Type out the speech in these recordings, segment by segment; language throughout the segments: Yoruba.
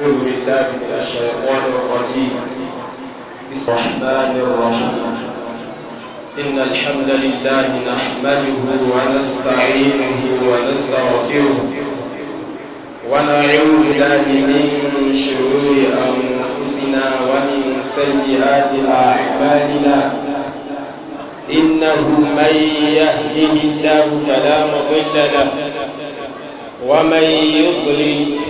أعوذ بالله من الشيطان الرجيم بسم الرحمن الرحيم إن الحمد لله نحمده ونستعينه ونستغفره ونعوذ بالله من شرور أنفسنا ومن سيئات أعمالنا إنه من يهده الله فلا مضل له ومن يضلل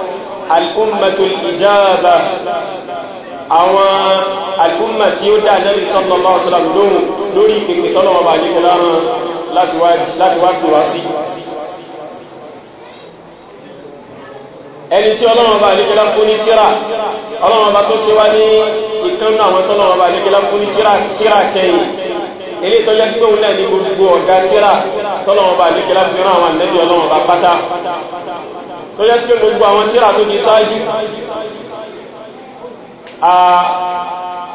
al'ummatul ijaba àwọn al'umma tí ó dá Ànábì sallallahu alaihi wasallam lóhùn lórí ìpèpè tọ́lọ́wọ́ bá nígbẹ̀ láàrùn láti wá pè wá sí ẹni tí ọlọ́wọ́ bá nígbẹ̀ lá fún ní tíra ọlọ́wọ́ bá tó ṣe wá ní ìkánnà àwọn tọ́lọ́wọ́ bá nígbẹ̀ lá fún ní tíra kẹyìn ilé ìtọ́jẹ́ tó yẹ́ sí pé gbogbo àwọn tíra tó ti sáájú a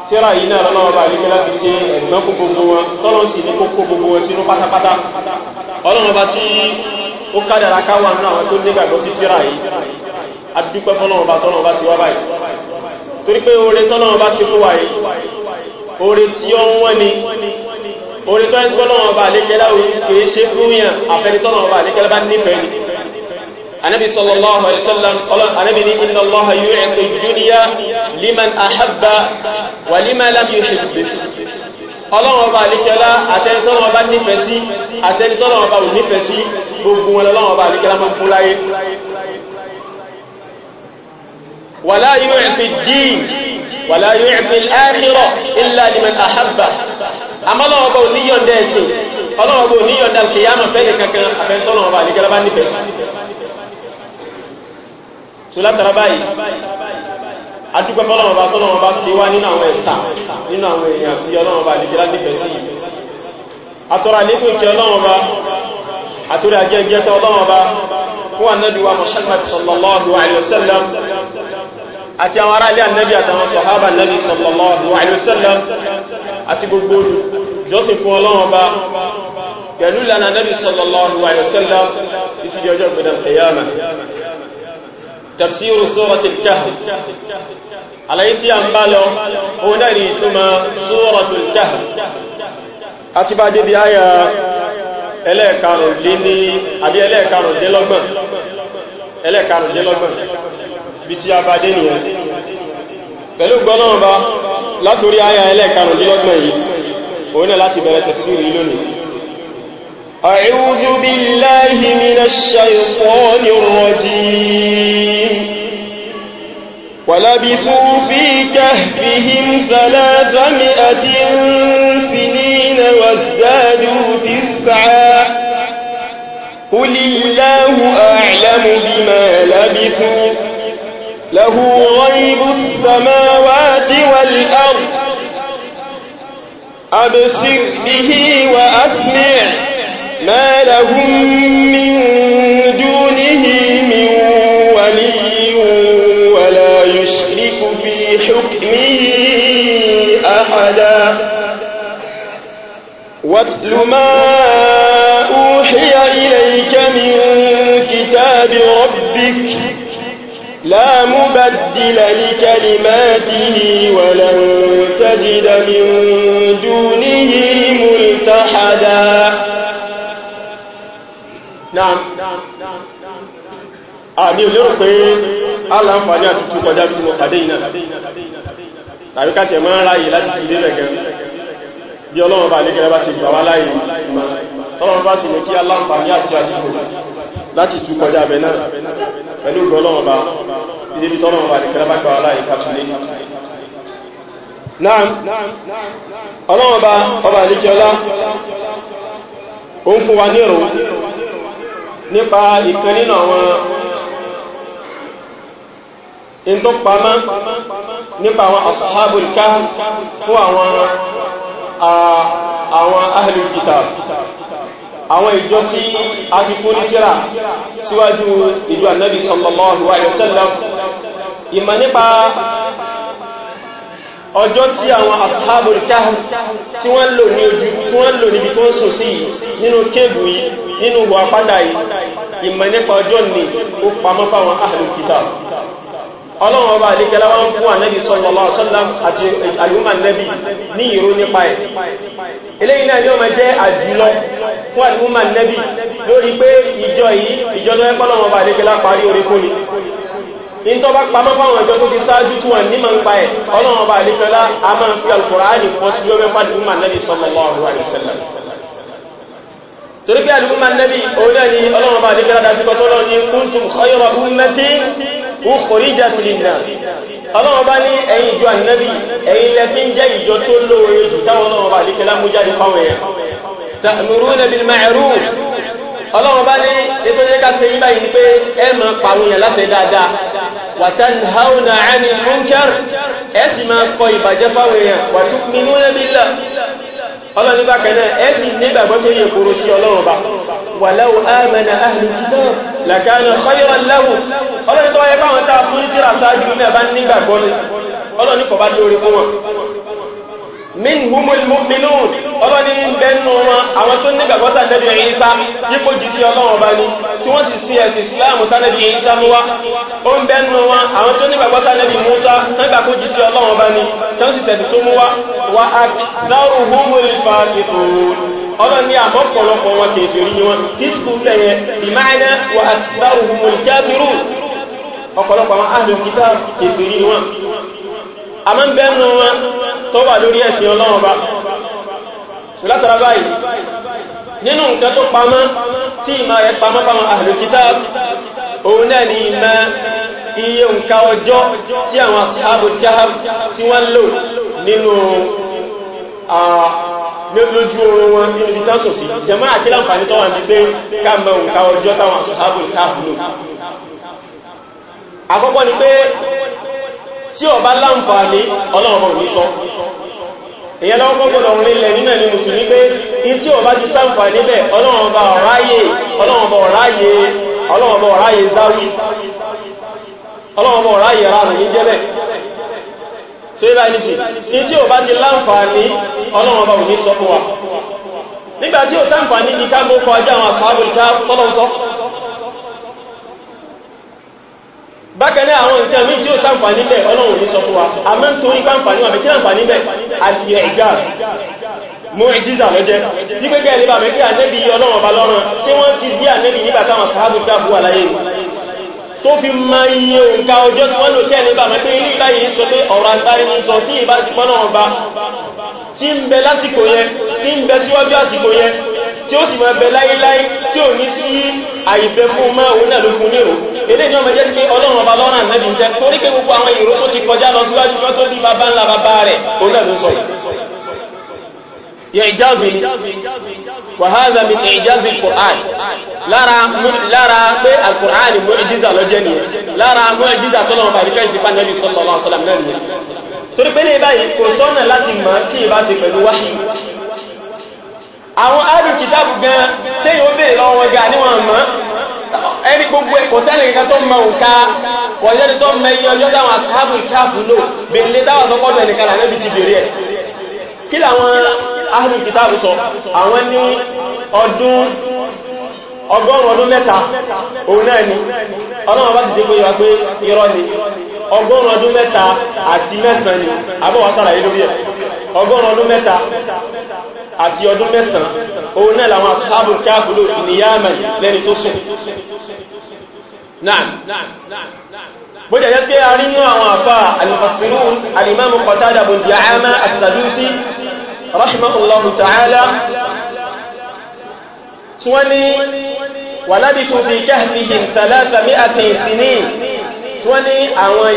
tíra yìí náà lọ́nà ọba àríkẹ́ láti ṣe ẹ̀gbọ́n kó gbogbo wọn tọ́lọ́ sí ní kókó gbogbo wọn sínú pátápátá ọlọ́run ọba tí ó kádàrá káwà náà àwọn tó nígbàgbọ́ sí tíra yìí adúpẹ́ fọ́lọ́run ọba tọ́lọ́run ọba sí wá báyìí torí pé oore tọ́lọ́run ọba ṣe fún wa yìí oore tí ó ń wọ́n ni oore tọ́lọ́run ọba àríkẹ́ láwùí kìí ṣe fún yàn àfẹ́ni tọ́lọ́run ọba àríkẹ́ lá anabi sallallahu alaihi wasallam anabi ni inna allaha yu'ti ad-dunya liman ahabba wa liman lam yuhibb ọlọ́run ọba àlíkẹ́lá àtẹnitọ́nà ọba nífẹ̀ẹ́ sí àtẹnitọ́nà ọba ò nífẹ̀ẹ́ sí gbogbo wọn lọ́lọ́run ọba àlíkẹ́lá máa fún láyé wàlá yóò ẹ̀fì díì wàlá yóò ẹ̀fì áàkírọ̀ ilá liman àhábà amọ́lọ́wọ́bọ̀ oníyọ̀ndẹ̀ ẹ̀sìn ọlọ́wọ́bọ̀ oníyọ̀ndẹ̀ kìyàmọ̀ fẹ́ so látara báyìí adúgbẹ́ fọ́lọ́mọba tọ́lọ́mọba sí wá nínú àwọn ẹ̀sà nínú àwọn èèyàn tí ọlọ́mọba àdìgbẹ́ lágbẹ́fẹ́ sí àtọ́rà nípò kí ọlọ́mọba àtúrí àjẹ́gẹ́ tọ́ ọlọ́mọba fún annabiwa Muhammad sallallahu alaihi wasallam àti àwọn ará ilé annabi àtàwọn sọ̀hábà annabi sallallahu alaihi wasallam àti gbogbo jọ́sìn fún ọlọ́mọba pẹ̀lú lánàá annabi sallallahu alaihi wasallam ìfìdí ọjọ́ gbẹ̀dẹ̀ تفسير سورة الكهف àlàyítí à ń bá lọ òun náà ni ìtumọ̀ Suratul Kahf a ti bá débi ayà ẹlẹ́ẹ̀karùndínlọ́gbọ̀n ẹlẹ́ẹ̀karùndínlọ́gbọ̀n bí tí a bá dé nìyàn pẹ̀lú gbọ́nà ọba látorí ayà ẹlẹ́ẹ̀karùndínlọ́gbọ̀n yìí òun náà láti bẹ̀rẹ̀ tafsiri lónìí أعوذ بالله من الشيطان الرجيم ولبثوا في كهفهم ثلاثمائة سنين وازدادوا تسعا قل الله أعلم بما لبثوا له غيب السماوات والأرض أبصر به وأسمع ما لهم من دونه من ولي ولا يشرك في حكمه أحدا واتل ما أوحي إليك من كتاب ربك لا مبدل لكلماته ولن تجد من دونه ملتحدا na. ní olérò pé aláǹfàní àtútù kọjá mo pàdé iná tàbí ká tẹ̀ máa ráyè láti fi bí ọlọ́run bá bá ṣe gbà wá láyé bá sì kí aláǹfàní àti láti tú kọjá náà pẹ̀lú ọlọ́run nípa ìkan nínú àwọn in tó pamá nípa àwọn ashabul kahf fún àwọn àwọn ahlul kitab àwọn ìjọ tí a ti kó ní tíra síwájú ìjọ annabi sallallahu alaihi wasallam ìmọ̀ nípa ọjọ́ tí àwọn ashabul kahf tí wọ́n lò níbi tí wọ́n sùn sí nínú kébù yìí nínú wà pádà ìmọ̀ nípa ọjọ́ ní ó pamọ́ fáwọn ahlul kitab ọlọ́run ọba àdíkẹlá wọ́n sallallahu alaihi wasallam àti àlúmà nẹ́bì ní ìró nípa ẹ̀ eléyìn náà ni ó máa jẹ́ àjùlọ fún àlúmà nẹ́bì lórí pé ìjọ yìí ìjọ tó ẹ́pọ́lọ́run ọba àdíkẹlá parí ni in tó bá pamọ́ fáwọn ìjọ tó ti sáájú tí ń fún àlúmà nẹ́bì sallallahu alaihi wasallam torí pé alùgbùmà nẹ́bí orílẹ̀ ni ọlọ́run bá dékẹ́lá dájú kọ́ tọ́lọ́ ní kúntùm khayra ummatin ukhrijat lin-nas ọlọ́run bá ní ẹ̀yin ìjọ ànẹ́bí ẹ̀yin lẹ́fí ń jẹ́ ìjọ tó lóore jù táwọn ọlọ́run bá dékẹ́lá mú jáde fáwọn èèyàn ta'muruna bil ma'ruf ọlọ́run bá ní ètò jẹ́ ká ṣe ọlọ́ni bá kẹ́lẹ̀ ẹ̀sìn nígbàgbọ́ tó yẹ kòrò sí ọlọ́run bá wà láwọ́ àmàna ahlul kitab làkánà khayran lahum ọlọ́ni tó wáyé báwọn tàà fún tírà sáájú náà bá nígbàgbọ́ ní ọlọ́ni kọ̀ bá lórí fún wọn min humul mu'minun tí wọ́n ti sí ẹ̀sì islam sánẹ́bí isa múwá ó ń bẹ́nu wọn àwọn tó nígbàgbọ́ sánẹ́bí musa nígbà kó jí sí ọlọ́wọ́n bá ní tán sì tẹ̀sì tó múwá wà á dáru húnmùrì fàákìtò ọlọ́ ní àmọ́pọ̀lọpọ̀ wọn kèfèrí ni wọn kíkù tẹ̀yẹ ìmáyẹ wà á dáru húnmùrì kẹ́bìrú ọ̀pọ̀lọpọ̀ àwọn ààrùn kìtà nínú nǹkan tó pamọ́ tí ìmọ̀ rẹ̀ pamọ́ pamọ́ ahlu kitab òun náà ni ìmọ̀ iye nǹkan ọjọ́ tí àwọn ashabul kahf tí wọ́n lò nínú lójú oorun wọn nínú ibi tán sòsí jẹmọ́ àti láǹfààní tó wà ní pé ká nǹkan ọjọ́ táwọn ashabul kahf lò àkọ́kọ́ ni pé tí ó bá láǹfààní èyàn lọ́wọ́ gbọ́dọ̀ orílẹ̀ nínú ẹ̀mí mùsùlùmí pé tí ó bá ti sáfà níbẹ̀ ọlọ́ọ̀bá ọ̀ráyè ọlọ́ọ̀bá ọ̀ráyè ọlọ́ọ̀bá ọ̀ráyè záwí ọlọ́ọ̀bá ọ̀ráyè ránà bá ní sí nígbà tí ó ní ajá àwọn bákanáà àwọn nǹkan mí tí ó sáǹfàní bẹ̀ ọlọ́run ní sọ fún wa a mẹ́ ń torí fáǹfàní wà mẹ́kí láǹfàní bẹ̀ àdìyẹ ìjà mú ìjíza lọ́jẹ́ tí pé kẹ́ẹ̀lẹ́bà mẹ́kí ànẹ́bí ọlọ́run ọba lọ́rùn tí wọ́n ti bí ànẹ́bí nígbà táwọn sàábù dáàbù wà láyé tó fi ma iye òǹkà ọjọ́ tí wọ́n lò kẹ́ẹ̀lẹ́bà mẹ́kí ilé ìbáyìí sọ pé ọ̀rọ̀ àtàrí ní sọ tí ìbá ti pọ́nà ọba tí ń bẹ lásìkò yẹn tí ń bẹ síwájú àsìkò yẹn tí ó sì máa bẹ láyéláyé tí ò ní sí àìfẹ́ fún máa òun náà ló fún ní òun eléyìí ọmọ jẹ́ sí pé ọlọ́run ọba lọ́rùn ànábì iṣẹ́ torí pé gbogbo àwọn èrò tó ti kọjá lọ síwájú yọ́ tó bí bàbá ńlá bàbá rẹ̀ òun náà ló sọ yẹ ìjáàzù ni wàhálà mi ní ìjáàzù kùrán lára pé alkùrán mú ìjíza lọ jẹ́ nìyẹn lára mú ìjíza tọ́lọ́run bàbí kẹ́ ìsìnkú ànábì sallallahu alaihi wasallam náà nìyẹn torí pé ní ìbáyìí kò sọ́nà láti àwọn alùkìtàbù gan tí yóò bèèrè lọ́wọ́ ga níwọ̀n mọ́ ẹni gbogbo ẹ̀kọ́ sẹ́lẹ̀ nǹkan tó mọ òǹkà kọ̀ọ̀yẹ́ni tó mọ iye ọjọ́ táwọn asáàbù ìkáàfù lò bèèrè táwọn sọpọ́dọ̀ ẹnìkan lànà bí ti bèèrè ẹ̀ kí làwọn ahlul kitabu sọ àwọn ní ọdún ọgọ́rùn ọdún mẹ́ta òun náà ni ọlọ́wọ́ bá ti dé pé pé irọ́ ni ọgọ́rùn ọdún mẹ́ta àti mẹ́sàn ni àbọ̀wọ́sára ilórí ẹ̀ ọgọ́rùn ọdún mẹ́ta àti ọdún mẹ́sàn òun náà làwọn asáàbù káàkùlù ní yáàmà lẹ́ni tó sùn náà bó jẹ́ jẹ́ a rí ní àwọn àfá alìfàsirú alìmáàmù Qatada bin Di'ama as-Sadusi rahimahullahu ta'ala tí àwọn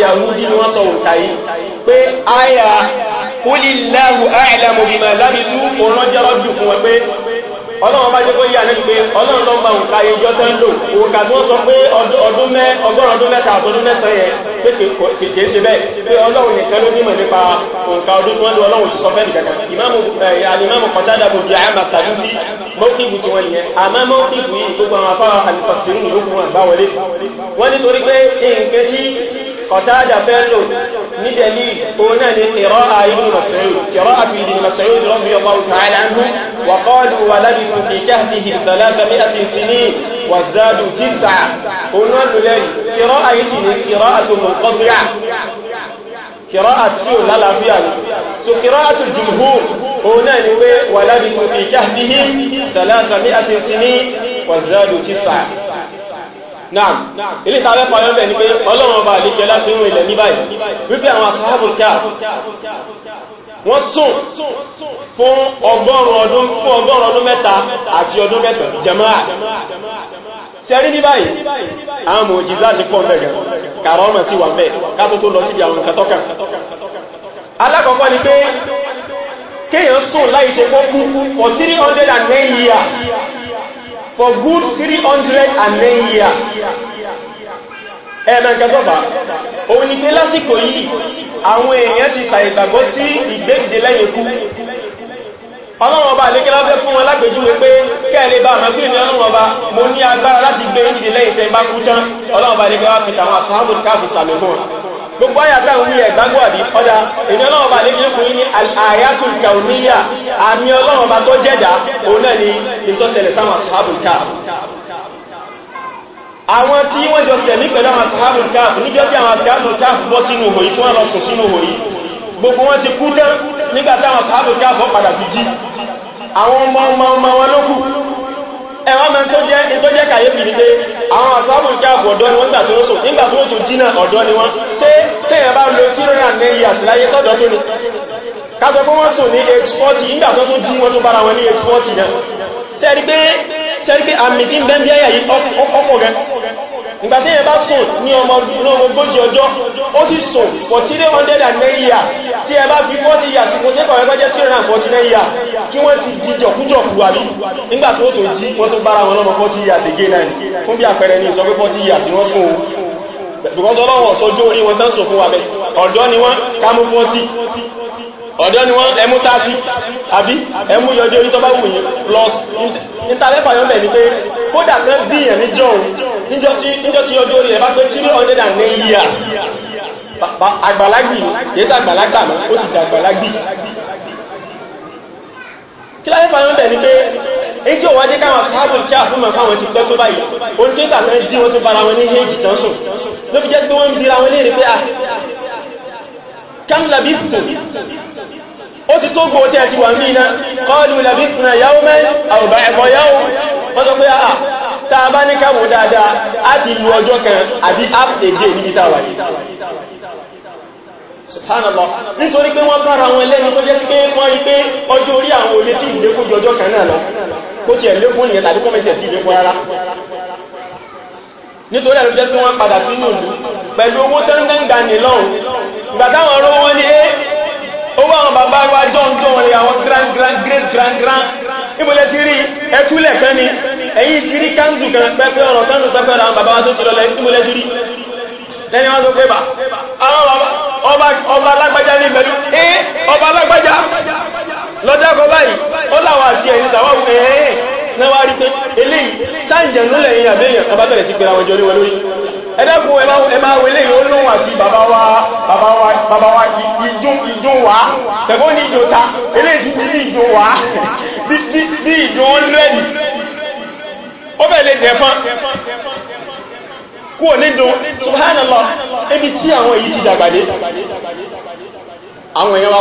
Yahudi wọ́n sọ òkàyí pé áyà kúlìláhù àìlàmù bí máa lábìtú òun jẹ́ rọ́jù fún wọn pé ọlọ́run bá jẹ́ kó yà nígbé ọlọ́run lọ bá òǹkà ìjọ tẹ́ ń lò òǹkà tó sọ pé ọgọ́rùn ọdún mẹ́ta àtọdún mẹ́sàn yẹ pé kèkèé ṣe bẹ́ẹ̀ pé ọlọ́run nìkan ló nímọ̀ nípa òǹkà ọdún tó wọ́n lọ ọlọ́run òṣìṣọ́ fẹ́ nìkan ìmáàmù kọjádà bòjì àmà sàdúsí mọ́kìbù tí wọ́n yẹn àmá mọ́kìbù yìí gbogbo àwọn afárá alifasirun ló fún wọn bá wọlé wọ́n nítorí pé nǹkan tí kọjádà fẹ́ lò ní dalil òun náà ni qira'a ibn Mas'ud qira'atu ibn Mas'ud radiyallahu ta'ala anhu wa qalu wa labithu fi kahfihi thalatha mi'ati sinin wa zadu tis'a òun náà lò lẹ́yìn qira'a yìí sì ni qira'atu munqati'a قراءة سيو لا لا فيها سو قراءة الجمهور هنا نوي ولبثوا في كهفهم ثلاثمائة سنين وزادوا تسعة náà ilé ìtàwẹ́ pàyọ́ bẹ̀ ní pé ọlọ́run ọba àlejò láti rún ilẹ̀ ní báyìí wípé àwọn asáàbùn káà wọ́n sùn fún ọgọ́rùn ọdún fún ọgọ́rùn ọdún mẹ́ta àti ọdún mẹ́sàn jẹmọ́ra sẹ́rí ní báyìí àwọn mòjìzá ti pọ̀ mẹ́gẹ̀ kàrọ ọmọ sí wà mẹ́ kátó tó lọ síbi àwọn katọ́kà alákọ̀ọ́kọ́ ni pé kéèyàn sùn láì ṣe pọ́kú for 309 years for good 309 years ẹ̀mẹ́ ìkẹsọ́bà òun ni pé lásìkò yìí àwọn èèyàn ti sàìgbàgbọ́ sí ìgbéjìdé lẹ́yìn ikú ọlọ́wọ́n ọba lékẹ́ láfẹ́ fún wọn lágbèjúwe pé kẹ́ẹ̀lẹ́ bá mẹ́gbé ní ọlọ́wọ́n ọba mo ní agbára láti gbé ìdílé ìfẹ́ bá kú tán ọlọ́wọ́n ọba lékẹ́ wá fi tàwọn àṣáàbò káàkiri sàlẹ̀gbọ́n gbogbo ayàtà ń wí ẹ̀gbágbọ́ àbí ọdá èmi ọlọ́ọ̀bá lè fi fún ní al-ayatul kauniyya àmì ọlọ́ọ̀bá tó jẹ́dà òun náà ni ìtọ́sẹ̀lẹ̀ sáwọn ashabul kahf àwọn tí wọ́n jọ sẹ̀mí pẹ̀lú àwọn ashabul kahf níjọ́ tí àwọn ashabul kahf bọ́ sínú òhò yìí tí wọ́n lọ sùn sínú òhò yìí gbogbo wọn ti kú tán nígbàtí àwọn ashabul kahf padà ẹwà mẹ́ tó jẹ́ kàyébì ní pé àwọn àsáàbù kí àbò ọ̀dọ́ ni wọ́n gbà tó ń sùn nígbà tó tó jí náà ọ̀dọ́ ni wọ́n ṣé tẹ́yẹ̀ bá lo tí rẹ̀ ní iye àṣìláyé sọ́dọ̀ tó ní kájọ pé wọ́n sùn ní age 40 nígbà tó tó jí wọ́n tó bára wọn ní age 40 náà ìgbàtí yẹn bá sùn ní ọmọ ogójì ọjọ́ ó sì sùn for three hundred and 309 years tí ẹ bá fi 40 years kò sí kọ̀rẹ́kọ́ jẹ́ 349 years kí wọ́n ti di jọ̀kújọ̀kú wà ní nígbà tó tó jí wọ́n tó bára wọn lọ́mọ forty years again náà fún bí àpẹẹrẹ ní ìsọ pé forty years ni wọ́n fún o because ọlọ́wọ̀ sọjú orí wọn tán sọ fún wa bẹ̀ ọ̀dọ́ ni wọ́n kámú forty? ọ̀dọ́ ni wọ́n ẹmú tàbí àbí ẹmú yọjú orí tó bá wù yín plus ìtàlẹ́fà yọ́mẹ̀ ní pé kódà kan díyàn ní jọun níjọ́ tí yọjú orí ẹ̀ bá pé 309 years àgbàlagbì yẹ́sà àgbàlagbà mọ́ ó ti dàgbàlagbì kí láyé fàyán bẹ̀ ní pé èyí tí ó wájé káwọn sáàbùn tí a fún mọ̀ fáwọn ti pẹ́ tó báyìí orí tí ó tàbí jí wọn tó bára wọn ní èjì tán sùn ló fi jẹ́ pé wọ́n ń bíra wọn ní èrè pé à kám labistum ó ti tó gbọ́ tẹ́ ti wà mína qalu labithna yawman aw ba'da yawm wọ́n tó àà ta bá ní káwò dáadáa a ti lu ọjọ́ kan àbí ápèdè níbi tàwà nítorí pé wọ́n bára wọn lẹ́nu tó jẹ́ sí pé wọ́n rí pé ọjọ́ orí àwọn olè tí ìdékún ọjọ́ kan náà lọ kó ti ẹ̀lékún tàbí kọ́mẹ́tì ìdékún rárá nítorí ẹ̀lú jẹ́ sí wọ́n padà sínú pẹ̀lú owó nìlọ́run ọ̀rọ̀ wọn ni owó àwọn bàbá wa jọ́njọ́ rẹ̀ àwọn grand grand great grand grand níbòlẹ̀ ti rí ẹtúlẹ̀ kan ni èyí ti rí kánzù kan pẹ́pẹ́ ọ̀rọ̀ kánzù pẹ́pẹ́ ọ̀rọ̀ àwọn bàbá wa tó ti lọlẹ̀ níbòlẹ̀ ti rí lẹ́ni wọ́n tó pé bà àwọn bàbá ọba alágbájá ní ìbẹ̀lú ẹ́ ọba alágbájá lọ́jọ́ kọ báyìí ó láwà sí ẹ̀yìn sàwọ́ ẹ̀ẹ́ náwà rí pé eléyìí sáàjẹ̀ lólẹ̀ yìí àbẹ́yàn ọba bẹ̀rẹ̀ sí pẹ̀lú àwọn ìjọ lórí ẹ̀dẹ́kùn ẹmá wẹlé yìí àti bàbá wa ìjún wá tẹ̀gbọ́n ní bí ìjò wá subhanallah ebi tí àwọn èyí ti dàgbàdé àwọn èèyàn wá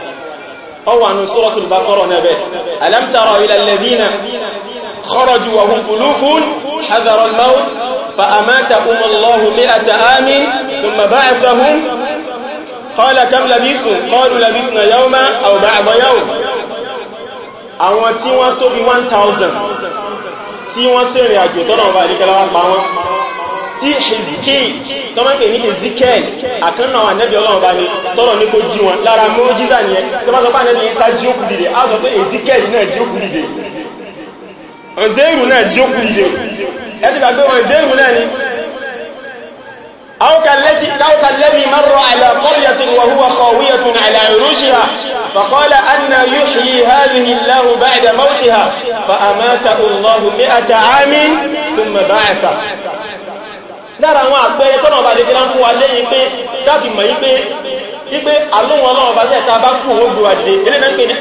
ọwà ní suratul Baqara nẹ́bẹ̀ alam tara ila alladhina kharaju wa hum ulufun hadhara al-maut fa amatahum Allahu mi'ata amin thumma ba'athahum qala kam labithtum qalu labithna yawman aw ba'da yawm àwọn tí wọ́n tó bí 1000 tí wọ́n ṣèrìn àjò tọ́nà ọba àdíkẹ́lá wá pa wọ́n ìṣìzíkì tó máa ń pè ní ezekiel àkànnà àwọn ànẹ́bí ọlọ́run bá ní tọ́lọ̀ ní kó jí wọn lára mọ́jíza ni ẹ tó máa sọ pé ànẹ́bí isa jí ó kùdìdè á sọ pé ezekiel náà jí ó kùdìdè ọ̀zẹ́rù náà jí ó kùdìdè ẹ ti gbàgbé ọ̀zẹ́rù náà ni أو كالذي مر على قرية وهو خاوية على عروشها فقال أن يحيي هذه الله بعد موتها فأماته الله lára àwọn àpẹẹrẹ tọ́nà ọba lè kíra ń fún wa lẹ́yìn pé káàkì mọ̀ yí pé wípé àlóhun ọlọ́run bá sẹ́ta bá kú òun gbò àdìdè eléna ń pè ní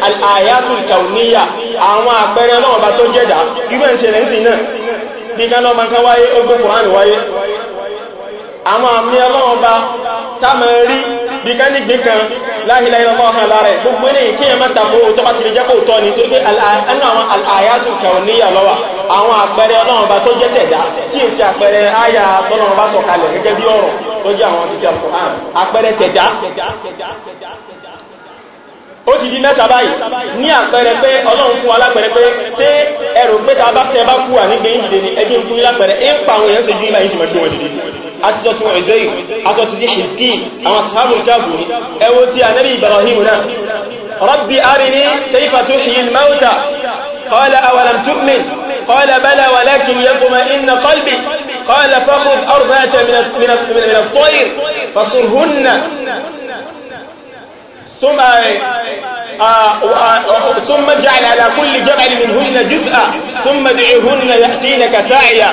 àwọn àpẹẹrẹ tó jẹ́dà irú kan àwọn àmì ọlọ́run bá táàmà rí bí ká ní gbíkan láhìláìlọ́mọ́ọ̀kan lára gbogbo ní kí ẹ mẹ́ta kó tó bá ti lè jẹ́kò tọ́ ní tó gbé ẹnu àwọn àyátù kẹwàníyà lọ́wà àwọn àpẹẹrẹ ọlọ́run bá tó jẹ́ tẹ̀dá tí è sí àpẹẹrẹ áyà tọ́lọ́run bá sọ̀kalẹ̀ gẹ́gẹ́ bí ọ̀rọ̀ tó jẹ́ àwọn títí àpẹẹrẹ tẹ̀dá ó ti di mẹ́ta báyìí ní àpẹẹrẹ pé ọlọ́run fún alápẹẹrẹ pé ṣé ẹrù pé ta bá tẹ bá kú à nígbẹ̀yìn jìde ní ẹgbẹ́ ìkú lápẹẹrẹ ń pa àwọn èèyàn ṣe jú ìlà ìṣìmọ̀ tí wọ́n jìde حضرة عزيز حضرة زيحزكي أما أصحاب الكافرين أوتي نبي إبراهيم ربي أرني كيف تحيي الموتى قال أولم تؤمن قال بلى ولكن يطمئن قلبي قال فخذ أربعة من من من الطير فصرهن ثم آه، آه، آه، ثم اجعل على كل جبل منهن جزءا ثم ادعهن يأتينك سعيا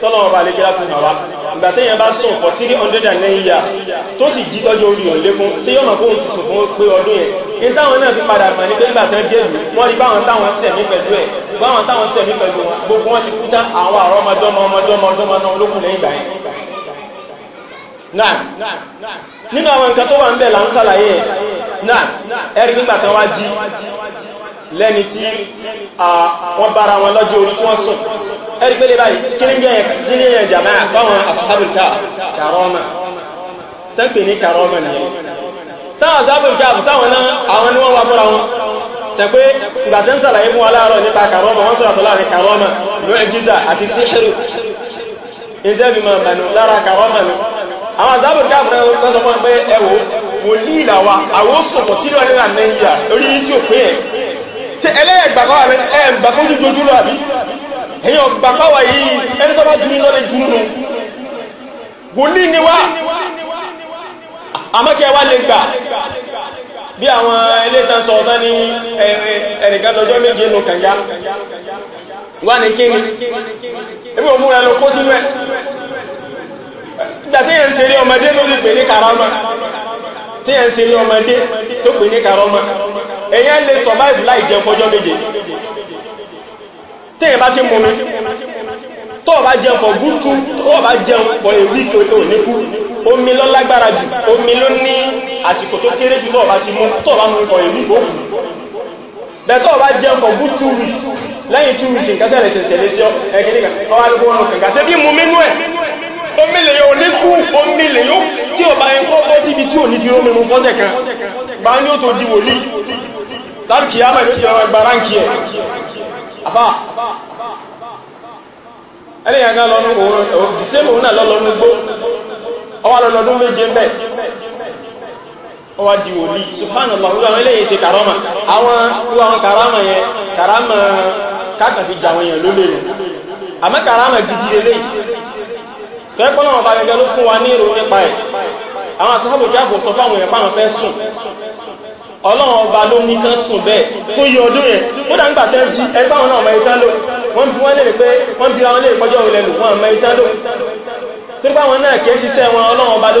tọ́lọ̀wọ̀ bá lè gẹ́lá fún àwá ìgbà tí yẹn bá sùn for 309 years tó sì jí tọ́jọ́ orí ọ̀lẹ́kún tí yọ́ mọ̀ fóhun ti sùn fún pé ọdún yẹn in táwọn náà fi padà mọ̀ ní pé nígbà tán dé ìlú wọ́n rí báwọn táwọn sẹ̀mí pẹ̀lú ẹ̀ báwọn táwọn sẹ̀mí pẹ̀lú wọn gbogbo wọn ti kú tán àwọn àrọ́ ọmọdọ́mọ ọmọdọ́mọ ọdọ́mọ náà olókùn lẹ́yìn ìgbà yẹn nínú àwọn nǹkan tó wà ń bẹ̀ là ń sàlàyé ẹ̀ náà ẹ̀rí nígbà tán wá jí lẹ́ni tí wọ́n bára wọn lọ́jọ́ orí tí wọ́n sùn ẹ̀rí pé lè báyìí kí ní yẹn jàmá báwọn asùhábùlká kàrọ́mà tẹ́pẹ̀ ní kàrọ́mà nìyẹn sáwọn asùhábùlká sáwọn náà àwọn ni wọ́n wá fúnra wọn tẹ́pẹ́ ìgbàtẹ́ ń sàlàyé fún aláàrọ̀ nípa kàrọ́mà wọ́n sọ̀rọ̀ láàrin kàrọ́mà mọ́ẹ̀jíza àti síhìrì ìdẹ́bì máa mẹ́nu lára kàrọ́mà ni àwọn asùhábùlká fún ẹwọ́ wòlíì làwà àwọn sọ̀pọ̀ tí lọ́rẹ́ ṣe ẹlẹ́gbàkọ́wà rẹ̀ ẹ̀gbàkọ́ jùjọjú lọ àbí ẹ̀yìn ọgbàkọ́wà yìí ẹni tó bá jùlọ lọ́lẹ̀ jùlọ nù wòlí ni wá àmọ́kẹ́ wá lè gbà bí àwọn ẹlẹ́tàn sọ ọ̀tán ní ẹ̀rẹ̀gá lọ́jọ́ méje ló kànjá wá ní kíni ẹbí òmú rẹ̀ kó sínú ẹ̀ tí ẹ ń ṣe ní ọmọdé tó pè ní karọ́mọ́ èyàn lè survive láì jẹun fọjọ́ méje tí ẹ bá ti mú mi tó ọba jẹun for good two tó ọba jẹun for a week tó níkú omi ló lágbára jù omi ló ní àsìkò tó kéré jù tó ọba ti mú tó ọba mú for a week ó kù bẹ̀tọ́ ọba jẹun for good two weeks lẹ́yìn two weeks nǹkan sẹ́rẹ̀ sẹ̀sẹ̀ lé sí ọ ẹ̀kìníkà ọwá ní kó wọn kàkà sí bí mú mímú ẹ̀ omílẹ̀ yóò ní kú tí ó bá ẹnkọ́ ní ti rómi mú fọ́sẹ̀ kan bá ní ó tó di ele ya yá mẹ́rin tí ó gbà ránkì ẹ̀ afá ẹlẹ́yàgá lọ́nà òun dìsẹ́mù náà lọ́lọ́nà gbó ọwá lọ́lọ́dún méje ń bẹ̀ ọwá di wòlí subhanallah àwọn eléyìí ṣe karama àwọn karama yẹn karama karama gidi tẹ́kọ́lọ́ ọba gẹ́gẹ́ ló fún wa ní ìrò nípa ẹ̀ àwọn asáfàbò jáàbò sọ fáwọn ẹ̀pá àwọn fẹ́ sùn ọlọ́run ọba ló ní tán sùn bẹ́ẹ̀ tó yí ọdún yẹn ó dá nígbà tẹ́ jí ẹgbàwọn náà wọ́n bí wọ́n lè pé wọ́n bí wọ́n lè wọ́n wọn náà kẹ́ síṣẹ́ wọn ọlọ́run ọba ló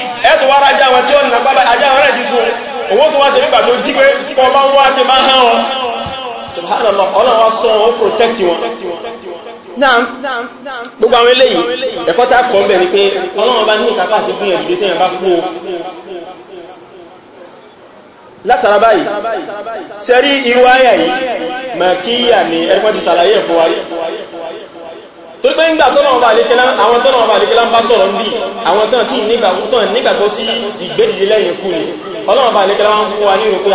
ẹ̀tù wá rájá wọn tí ó nà pápá ajá wọn rẹ̀ jísun owó tó wá sí nígbà tó ti máa hàn wọn subhanallah ọlọ́wọ́ sọ wọn ó wọn náà gbogbo àwọn eléyìí ẹ̀kọ́ tá kọ́ bẹ̀ ni pé ọlọ́wọ́ bá ní àti fún bá kú o látara báyìí sẹ́rí irú ayà yìí màkíyà ni tó pé ń gbà tọ́lọ̀wọ̀n bá àdékẹ́lá àwọn tọ́lọ̀wọ̀n bá àdékẹ́lá ń bá sọ̀rọ̀ ń bí àwọn tán tí nígbàgbọ́ sí ìgbédìdé lẹ́yìn kú ni ọlọ́wọ̀n bá àdékẹ́lá wọn fún wa ní ìròkú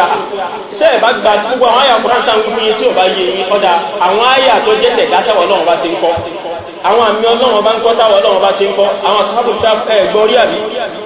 iṣẹ́ ah, ẹ̀bá gba gbogbo àwọn àyà kúrántà ń fún iye tí ò bá yẹ yìí ọdá àwọn àyà tó jẹ́ tẹ̀dáṣẹ́wọ̀ ọlọ́wọ̀n bá ṣe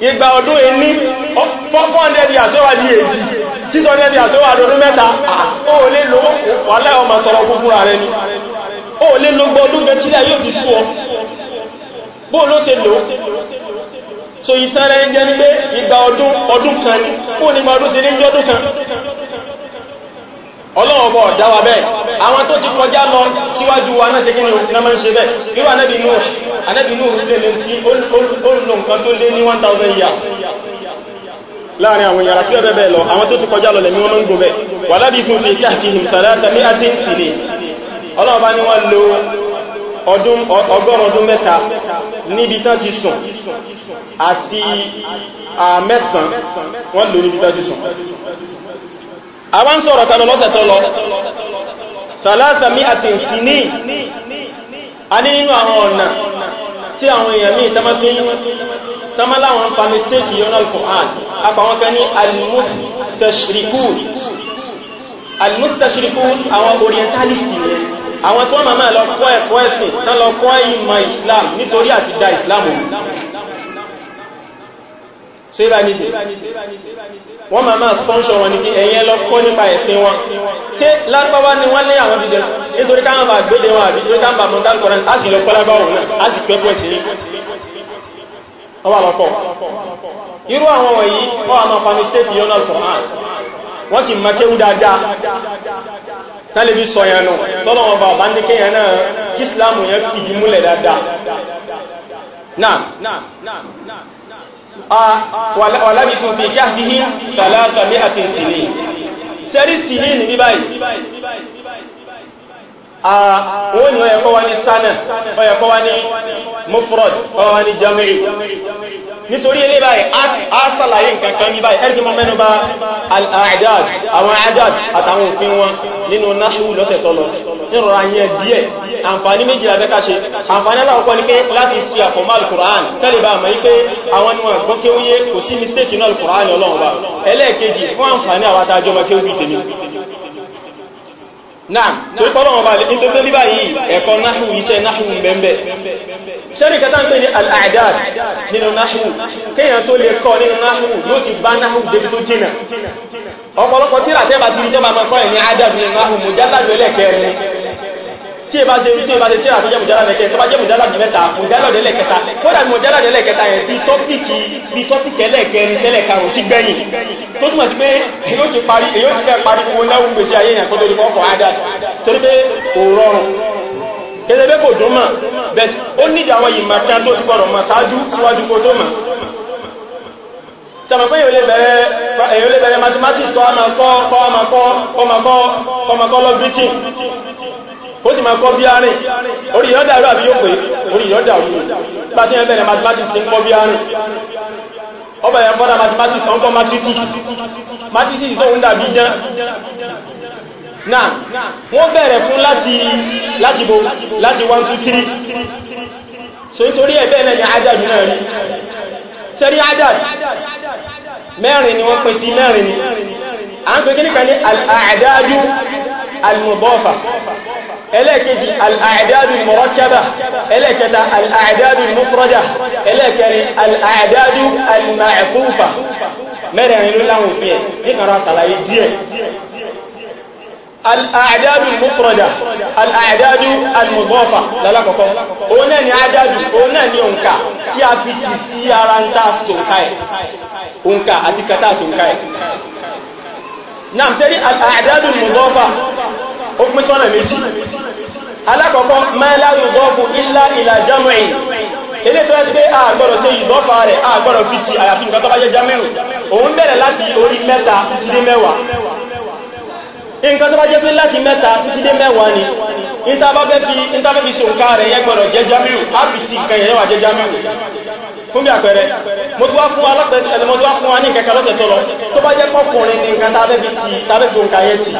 ìgbà ọdún ẹni 400 years ó wà ní èjì 600 years ó wà lọ́dún mẹ́ta ó ah, lè lọ wà láwọn ma tọrọ fún fúnra rẹ ni ó lè lọ gbọ́ ọdún gẹtílẹ̀ yóò fi sú ọ bó ló ṣe lò so ìtàn rẹ̀ jẹ́ ní pé ìgbà ọdún ọdún kan ní kó nígbà ọdún sí ní jọ́dún kan ọlọ́run bọ̀ dáwà bẹ́ẹ̀ àwọn tó ti kọjá lọ síwájú wa náà ṣe kí ni na máa ń ṣe bẹ́ẹ̀ irú anẹ́bì inú anẹ́bì inú lèlè tí ó lò nǹkan tó lé ní 1000 years láàrin àwọn èèyàn àti bẹ́ẹ̀ bẹ́ẹ̀ lọ àwọn tó ti kọjá lọ lẹ̀mí wọn ń gò bẹ́ẹ̀ wà lábí fún fi kí àti ìmùsàlá tàbí àti ìsìlè ọlọ́run bá ní wọ́n lo ọdún ọgọ́rùn ọdún mẹ́ta níbi tán ti sùn àti lò níbi tán sùn àwọn sọ̀rọ̀ kan lọ́sẹ̀ tó lọ sàlásà mí àti ìfìní a ní nínú àwọn ọ̀nà tí àwọn èèyàn mí tamaláwọn pa mistake yọ́nà al-Qur'an àpàwọn kan ní al-mustashirikun al-mustashirikun àwọn orientalist ni àwọn tó wọ́n máa lọ kọ́ ẹ̀kọ́ ẹ̀sìn tán lọ kọ́ ìmọ̀ Islam so ibà ní ṣe wọ́n ma máa sponsor wọn ní kí ẹ̀yẹ lọ kọ́ nípa ẹ̀sìn wọn tí lárúbáwá ni wọ́n ní àwọn jíjẹ nítorí káwọn bá gbéde wọn àbí tó dámbà mọ́ dánkọ̀rán á sì lọ kọ́lábáwò náà á sì pẹ́pẹ́ sí ọwà lọ́kọ̀ irú àwọn wọ̀nyí wọ́n a máa fa mistake yọ́nà kọ̀rán wọ́n sì máa kéwú dáadáa tálébí sọ̀yànù tọ́lọ́wọ́n bá bá ní kéyàn náà kí islam yẹn fi múlẹ̀ dáadáa náà wàlábìtún fi káàkiri tàlátàmí àti ìsìnì sẹ́rí sìnì ní báyìí Ah, wọ́n ni ọ̀yẹ̀kọ́ wá ní sana ọ̀yẹ̀kọ́ wá ní mufrod ọwá ní jami'i nítorí ilé báyìí a sàlàyé nǹkankan ní báyìí ẹ̀rì mọ́ mẹ́nu bá al'adad àwọn adad àtàwọn òfin wọn nínú náhù lọ́sẹ̀ tọ́lọ nínú ayẹ́ díẹ̀ àǹfààní méjì abẹ́ká ṣe àǹfààní aláwọ̀kọ́ ní pé láti sí àkọ̀mọ́ al-Qur'an tẹ́lẹ̀ bá mọ̀ pé àwọn ni wọ́n gbọ́ kéwúyé kò sí mistake náà al-Qur'an ọlọ́run bá ẹlẹ́ẹ̀kejì fún àǹfààní àwọn adájọ́ mọ́ kéwúyé tèmi náà tó pọ́lọ̀wọ̀ bá lè nítorí tó ní báyìí ẹ̀kọ́ náhù iṣẹ́ náhù mẹ́mẹ́ ṣẹ́rì kẹta ń pè ní al'adad nínú náhù kíyàn tó lè kọ́ nínú náhù yóò ti bá náhù débi tó jìnà ọ̀pọ̀lọpọ̀ tíra tẹ́bà ti rí tẹ́bà tí ẹ bá ṣe tí ẹ bá ṣe mùjálà lẹ́kẹ́ tó bá jẹ́ mùjálà ní mẹ́ta mùjálà ní lẹ́kẹta tọ́pìkì bí tọ́pìkì ẹlẹ́gẹrin tẹ́lẹ̀ karùn sí gbẹ̀yìn tó túnmọ̀ sí pé èyó ti parí èyó ti fẹ́ parí owó náà gbèsè ayé yẹn kọ́tọ́ ìfọ́fọ́ àádá torí pé lè bẹ̀rẹ̀ mathematics kọ́ ọmọ kọ́ ọmọ kọ́ ọmọ kọ́ ó sì máa kọ́ bí àárín orí ìrọ́dàrú àbí yóò pé orí ìrọ́dàrú pàtí ẹgbẹ̀rẹ̀ mathematics ní kọ́ bí àárín ọba ẹ̀ fọ́dá mathematics ọkọ̀ mathematics mathematics tó ń dàbí jẹ́ náà wọ́n bẹ̀rẹ̀ fún láti bo láti 1 2 3 so nítorí ebe náà ni ajájú náà rí sẹ́rí ajájú mẹ́rin ni wọ́n pín sí mẹ́rin ni a ń pè kí ẹlẹ́ẹ̀kejì al'adadul murakkaba ẹlẹ́ẹ̀kẹta al'adadul mufrada ẹlẹ́ẹ̀kẹrin al'adadul al-ma'qufa mẹ́rẹ̀rin ló láwọn òfin ẹ̀ níkàrà sàlàyé díẹ̀ al'adadu al-mufrada al'adadu al-mudhafa lalakọ̀kọ́ òun náà ni adadu òun náà ni òǹkà tí a fi tẹ́rí al'adadu al ó pín sọ́nà méjì alákọ̀ọ́kọ́ mẹ́lá yùgọ́gù ilá ìlà jam'in ilé tó ẹ́sí pé àgbọ́rọ̀ sí ìdọ́fà rẹ̀ àgbọ́rọ̀ fi ti àyàfi nǹkan tó bá jẹ́ jam'in òun bẹ̀rẹ̀ láti orí mẹ́ta títí dé mẹ́wàá nǹkan tó bá jẹ́ pé láti mẹ́ta títí dé mẹ́wàá ni ìtàbẹ́bí sí òǹkà rẹ̀ yẹ́ gbọ́rọ̀ jẹ́ jam'in á fi ti nǹkan yẹ̀yẹ́wà jẹ́ jam'in fún bí àpẹẹrẹ mo tó wá fún alápẹẹrẹ mo tó wá fún wa ní ìkẹkẹ lọ́tẹ̀ tọ́lọ tó bá jẹ́ pọ́kùnrin ní nǹkan tàbẹ́bí ti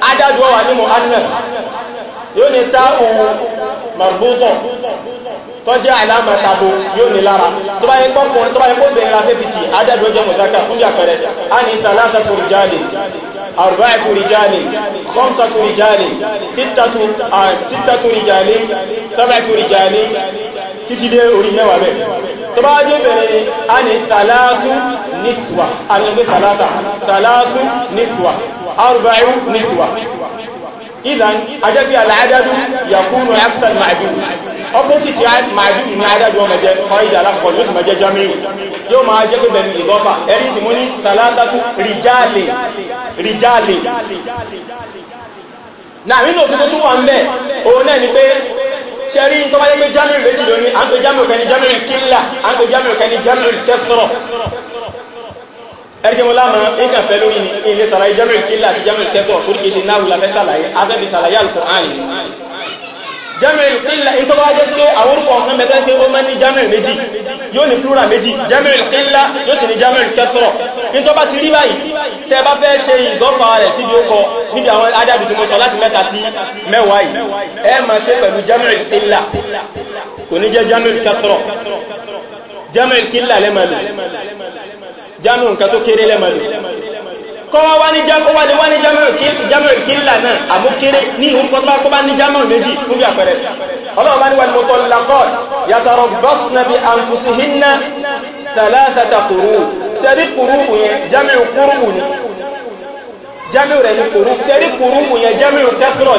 adájú wà ní mu'annas yóò ní táàkù marbutọ̀ tó jẹ́ alámàtàbò yóò ní lára tó bá yẹ kọ́kùnrin tó bá yẹ kọ́bìnrin ra fẹ́fìtì adájú jẹ́ muzaka fún jàkẹrẹ a ní talatatu rijali arba'atu rijali khamsatu rijali sittatu rijali sab'atu rijali títí dé orí mẹ́wàá bẹ́ẹ̀ tó bá jẹ́ bẹ̀rẹ̀ ni a ní tàlátù nísùwà a ní ọdún tàlátà tàlátù nísùwà arba'u nísùwà ìdán ajẹ́bí aláàdájú yàkúnù after ma'adúrù opposite ma'adúrù ní adájú ọmọ jẹ́ fọ́ìdà alákọ̀ọ́ yóò sì máa jẹ́ jamiu yóò máa jẹ́ pé bẹ̀rẹ̀ ìgọ́fà ẹ̀rí tí mú ní tàlátàtù rijali rijali náà nínú òfin tó tún wà ń bẹ̀ òun náà ni pé ṣẹ́rí tó bá yẹ pé jamiu méjì lóní a ń pè jamiu kẹni jamiu kílà a ń pè jamiu kẹni jamiu kẹsọ̀rọ̀ ẹgbẹ́ wọn lámọ̀ ìkànfẹ́ lórí ilé sàlàyé jamiu kílà àti jamiu kẹsọ̀rọ̀ tó kìí jami'ul qilla in tó bá jẹ́ pé àwọn orúkọ ọ̀kan mẹ́ta pé ó máa ní jami'ul méjì yóò ní plural méjì jami'ul qilla yóò sì ní jami'ul kathra in tó bá ti rí báyìí tẹ́ bá fẹ́ ṣe ìdọ́fà rẹ̀ sí bí ó kọ níbi àwọn adábi tí mo kọ́wọ́ wá ní jámọ̀rì kílà náà àmúkéré ní ìhúnkọ́tọ́ kó bá ní jámọ̀rì méjì fún bí àpẹẹrẹ ọlọ́wọ́ bá ní wà ní mọ́tọ̀ lákọ́ yàtọ̀rọ̀ bọ́sùn bí àǹfùsìhínà tàlátàtà kòrò sẹ́rí kòrò yẹn jámọ̀rì kòrò ní jámọ̀rì rẹ̀ ní kòrò sẹ́rí kòrò yẹn jámọ̀rì kẹ́kọ̀rọ̀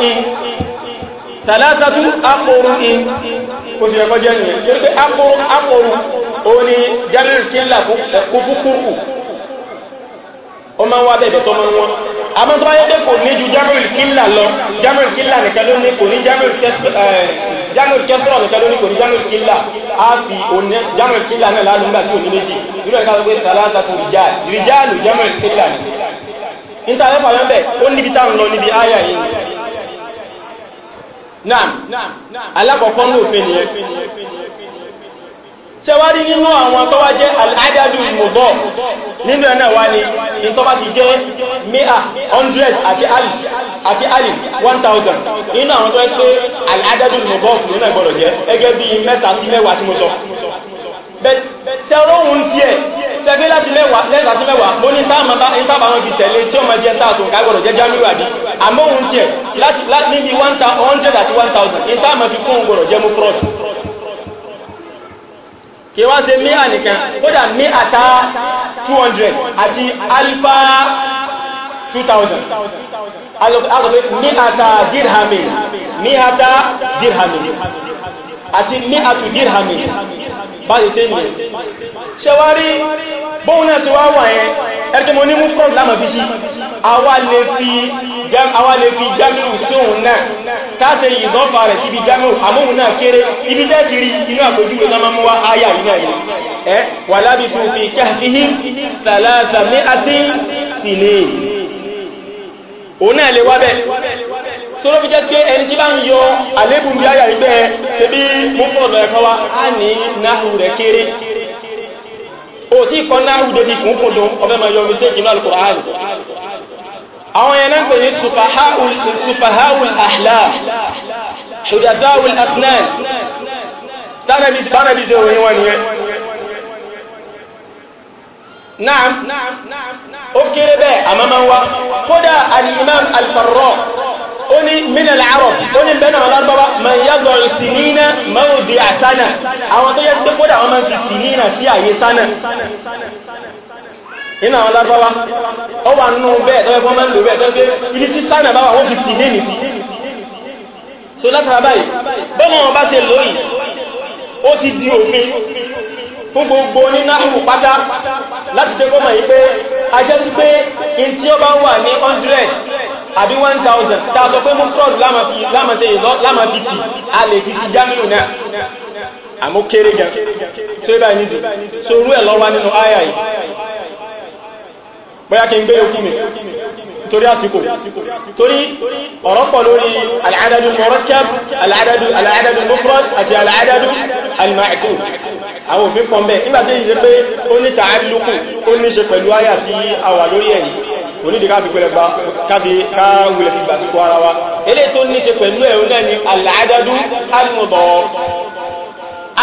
ní tàlátàtú akọrù in oṣù ẹ̀kọ́ jẹ́ ní ẹ̀ pé akọrù akọrù o ní jẹ́rìrì kí ń là kúfúkúrù o máa wá bẹ̀bẹ̀ tọ́mọ wọn a mọ́ tó bá yẹ́ pé kò ní ju jẹ́rìrì kí ń là lọ jẹ́rìrì kí ń là nìkan ló ní kò ní jẹ́rìrì kẹsìrọ̀ nìkan ló ní kò ní jẹ́rìrì kí ń là á fi jẹ́rìrì kí ń là náà lálùmgbà náà alákọ̀ọ́kọ́ ní òfin ni ṣẹwárí nínú àwọn tó wá jẹ́ al'adadu mọ̀bọ̀ nínú ẹ̀nà wá ní in tó bá ti jẹ́ mẹ́à 100 àti alì àti alì 1000 nínú àwọn tó ẹ́ pé al'adadu mọ̀bọ̀ nínú ẹgbọ̀rọ̀ jẹ́ ẹgẹ́ bí mẹ́ta sí mẹ́wàá tí mo sọ ṣe ọlọ́run ti ẹ̀ ṣẹgbé láti lẹ́ta sí mẹ́wàá mo ní ìtàbà wọn fi tẹ̀lé tí ó mọ̀ jẹ́ tààtò kágbọ̀rọ̀ jẹ́ jamiu àbí àmóhun ti ẹ̀ láti níbi 100 àti 1000 ìtàmà fi kún gbọ̀rọ̀ jẹ́ mú fraud kí wá ṣe mí ànìkan kódà mí àtà 200 àti alfa 2000 alọ́pẹ́ mí àtà dirhamin mí àtà dirhamin àti mí àtù dirhamin báyìí tí ní ṣẹwárí bóhun náà ti wá wà yẹn ẹ̀kẹ́ mo ní mú front lámọ̀ bí sí àwa lè fi jamiu sí òun náà káṣẹ ìzọ́fà rẹ̀ sí ibi jamiu àmóhun náà kéré ibi tẹ́ ti rí inú àpòjúwe lọ́mọ mú wá áyà ìyá yìí ẹ́ tó ló fi jẹ́ pé ẹni tí bá ń yọ àlébùn bí ayà ìgbẹ́ ṣe bí mú fọ́ọ̀lọ̀ ẹ̀kọ́ wá á ní náhù rẹ̀ kéré ó tí kọ́ náhù débi kùnkùndùn ọbẹ̀ ma yọ mistake inú al-Qur'an àwọn ẹ̀nà pè ní ó kéré bẹ́ẹ̀ àmọ́mọ́ wá kódà al al-Farrah ó ní minal arab ó ní bẹ́nà ọlọ́gbọ́wá man yàgbọ̀ ìsìnínà mọ́rùdí àsánà àwọn tó yẹ́ sí pé kódà wọ́n mọ́ ti sìnínà sí àyè sánà iná àwọn lábáwá ó wà nínú bẹ́ẹ̀ tó ẹgbọ́n mọ́ lò bẹ́ẹ̀ tó gbé ibi tí sánà bá wà wọ́n fi sì nínú sí so látara báyìí bọ́nà wọn bá ṣe lóyìí ó ti di òfin láti jẹ́ gọ́mà yìí pé a jẹ́ sí pé in tí ó bá wà ní àbí 1000 tàà sọ pé mú trọ́dù láàmà sí ìzọ́ láàmà fi tì a lè fi sí jámìlù náà àmú kéré gan tó ibà nízi so rú ẹ̀ lọ́wà nínú àyà yìí bóyá kí n gbé òkú mi torí àsìkò torí ọ̀rọ̀ pọ̀ lórí al'adadu murakkab al'adadu mufrad àti al'adadu al-ma'qul àwọn òfin pọ̀ mẹ́ nígbàtí ìṣẹ́ pé ó ní tààlùkù ó ní ṣe pẹ̀lú àyà tí a wà lórí èyí onídìí káàfi pẹ̀lẹ̀ gba káàfi káàwìlẹ̀ fi gbà síkò ara wa ilé tó ní ṣe pẹ̀lú ẹ̀rùn náà ni aláàdádú alìmọ̀bọ̀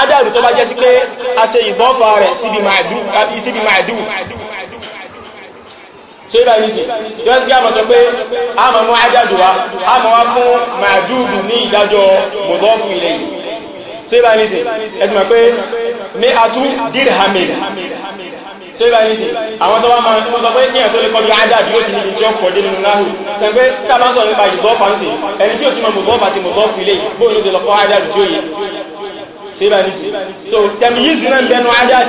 adádù tó bá jẹ́ sí pé a ṣe ìbọ́fà rẹ̀ síbi màádù ṣe bá yìí sí yọ́sí kí a mọ̀ sọ pé ní ṣe bá pé ní atú dirhamin ṣe bá ní sí àwọn tọ́wà máa tó sọ pé ní ẹ̀tọ́ lè kọ́ bí ádá bí ó ti níbi tí ó kọ̀dé nínú náà tẹ́gbẹ́ tàbá sọ nípa ìbọ́fà ń sí ẹni tí ó ti mọ mọ̀bọ́fà ti mọ̀bọ́fà ilé bóò ní ṣe lọ kọ́ ádá bí ó yìí so tẹ̀mìyísù náà bẹnu ajá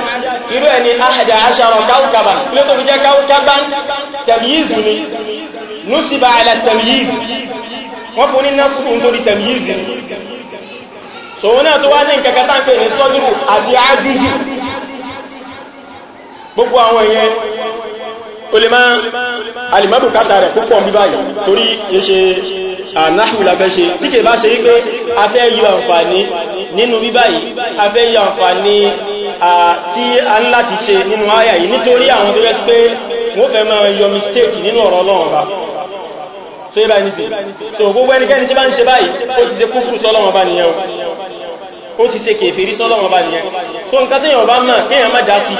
irú ẹni ahàdà aṣàrọ̀ káwùkàbà ló tó fi jẹ́ káwùkàbà tẹ̀mìyísù ni nùsìbà àlà tẹ̀mìyísù wọ́n fún ní násùkùn tó di tẹ̀mìyísù so wọ́n náà tó wá ní kẹkẹta pẹ̀lú sọ́dúrù àti ájíjì gbogbo àwọn èèyàn o lè máa alìmọ́bù kátà rẹ̀ púpọ̀ bí báyìí torí yíṣe ànáhù la fẹ́ ṣe tí kè bá ṣe wípé a fẹ́ yí àǹfààní nínú bí báyìí a fẹ́ yí àǹfààní tí a ń láti ṣe nínú àyà yìí nítorí àwọn tó yẹ pé wọ́n fẹ́ máa yọ mistake nínú ọ̀rọ̀ Ọlọ́run bá so ibà ní sí so gbogbo ẹnikẹ́ni tí bá ń ṣe báyìí ó ti ṣe kúfù sọ́lọ́run bá nìyẹn ó ti ṣe kèfèrí sọ́lọ́wọ́n bá nìyẹn tó nǹkan tí yàn bá mọ̀ kéèyàn má dá sí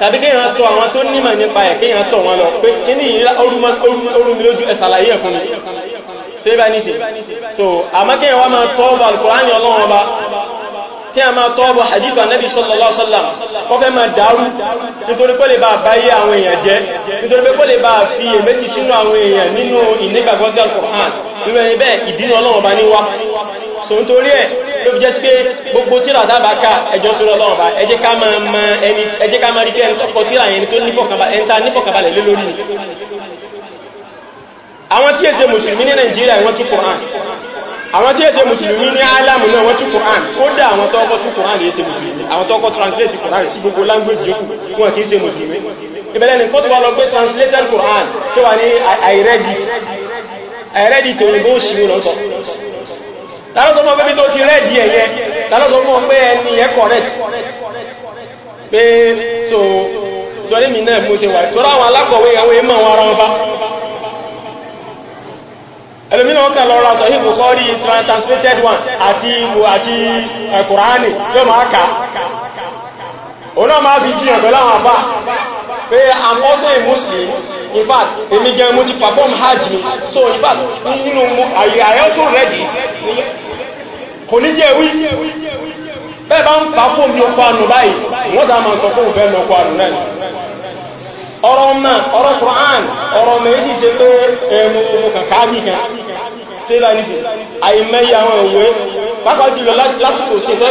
tàbí kéèyàn tọ̀ àwọn tó nímọ̀ nípa ẹ̀ kéèyàn tọ̀ wọn lọ pé kí ní ìrírá orúmi lójú ẹ ṣàlàyé ẹ̀ fún mi ṣe bá ní sí so àmọ́ kéèyàn wá máa kí a máa tọ́ọ̀bọ̀ hadith annabi sallallahu alaihi wasallam kọ́ fẹ́ máa dárú nítorí pé lè bá báyé àwọn èèyàn jẹ́ nítorí pé lè bá fi èméjì sínú àwọn èèyàn nínú ìnígbàgbọ́sí al-Qur'an nínú ẹni bẹ́ẹ̀ ìdínà ọlọ́wọ̀n bá ní wá so nítorí ẹ̀ ló fi jẹ́ sí pé gbogbo tíra dábà ká ẹjọ́ tó lọ́wọ́ bá ẹjẹ́ ká máa mọ ẹni ẹjẹ́ ká máa rí pé ẹni tọ́pọ̀ tíra yẹn tó nífọ̀kànbalẹ̀ lé lórí àwọn tí èsẹ mùsùlùmí ní Nàìjíríà wọ́n tú Kùrán àwọn tí èsẹ mùsùlùmí ní alamu náà wọ́n tú Kùrán kódà àwọn tọ́kọ́ tú Kùrán èsẹ mùsùlùmí àwọn tọ́kọ́ translate Kùrán sí gbogbo language yóò wọ́n kìí ṣe mùsùlùmí ìbẹ̀lẹ̀ ni kó tó wà lọ gbé translated Kùrán tí wà ní I read it I read it òyìnbó òṣìwò lọ́sọ̀ tàbí ọmọ pẹ́bí tó ti rẹ́ẹ̀dì ẹ̀yẹ tàbí ọmọ pẹ́ ẹni ẹ̀ correct pé so sọ́rí mi náà mú ṣe wà tó ráwọn alákọ̀wé àwọn èèmọ̀ wọn ara bá ẹlòmínà ọkà lọ ra sọ̀hí Bukhari translated one àti ìwò àti eh, Kùránì pé eh, i'm also a muslim in fact èmi gan mo ti perform hajj mi so in fact nínú i also read it kò ní jẹ́ wí bẹ́ẹ̀ bá ń pa fún mi ọkọ̀ ànù báyìí wọ́n sá ma sọ fún ìfẹ́ mi ọkọ̀ ànù náà ọ̀rọ̀ ọmọ ọ̀rọ̀ Qur'an ọ̀rọ̀ méjì ṣe pé ẹmọ eh, kàkà nìkan ṣe láìsí àìmẹ́yí àwọn ìwé pápá jùlọ lásìkò ṣe fẹ́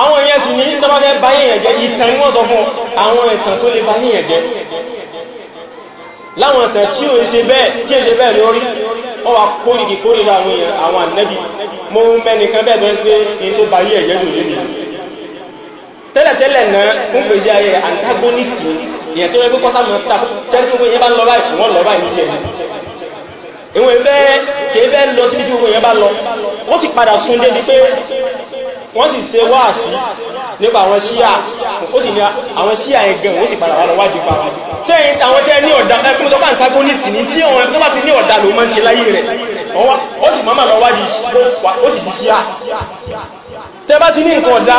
àwọn èèyàn sì ní tọ́bátẹ́ báyìí ẹ̀jẹ́ ìtàn ni wọ́n sọ fún àwọn ẹ̀tàn tó lè báyìí ẹ̀jẹ́ láwọn ẹ̀tàn tí ó ṣe bẹ́ẹ̀ tí ó ṣe bẹ́ẹ̀ lórí wọ́n wá kórìkì kórìlà àwọn ànẹ́bì mo mẹ́nìkan bẹ́ẹ̀ tó ń pé in tó báyìí ẹ̀jẹ́ lò lónìí tẹ́lẹ̀tẹ́lẹ̀ náà fún pèsè ayẹ antagonist ìyẹn tó rẹ́gbẹ́ kọ́sàmọ̀ tàbí tẹ́lẹ̀tẹ́ gbogbo ìyẹn bá ń lọ báyìí wọ́n lọ báyìí jẹ́ ìwọ̀n ìbẹ́ kèébẹ́ lọ sí ibi tí gbogbo ìyẹn bá lọ ó sì padà sún débi pé wọ́n sì ṣe wá sí nípa àwọn ṣíyà ó sì ní àwọn ṣíyà ẹgbẹ̀rún ó sì padà wà lọ́wájú pa wọn tẹ́ àwọn tẹ́ ní ọ̀dá ẹkùn tó bá ń tagonist ní tí wọ́n tó bá ti ní ọ̀dá ló mọ́ ṣe láyé rẹ̀ ó sì máa lọ́wájú ó sì di ṣíyà tẹ́ bá ti ní nǹkan ọ̀dá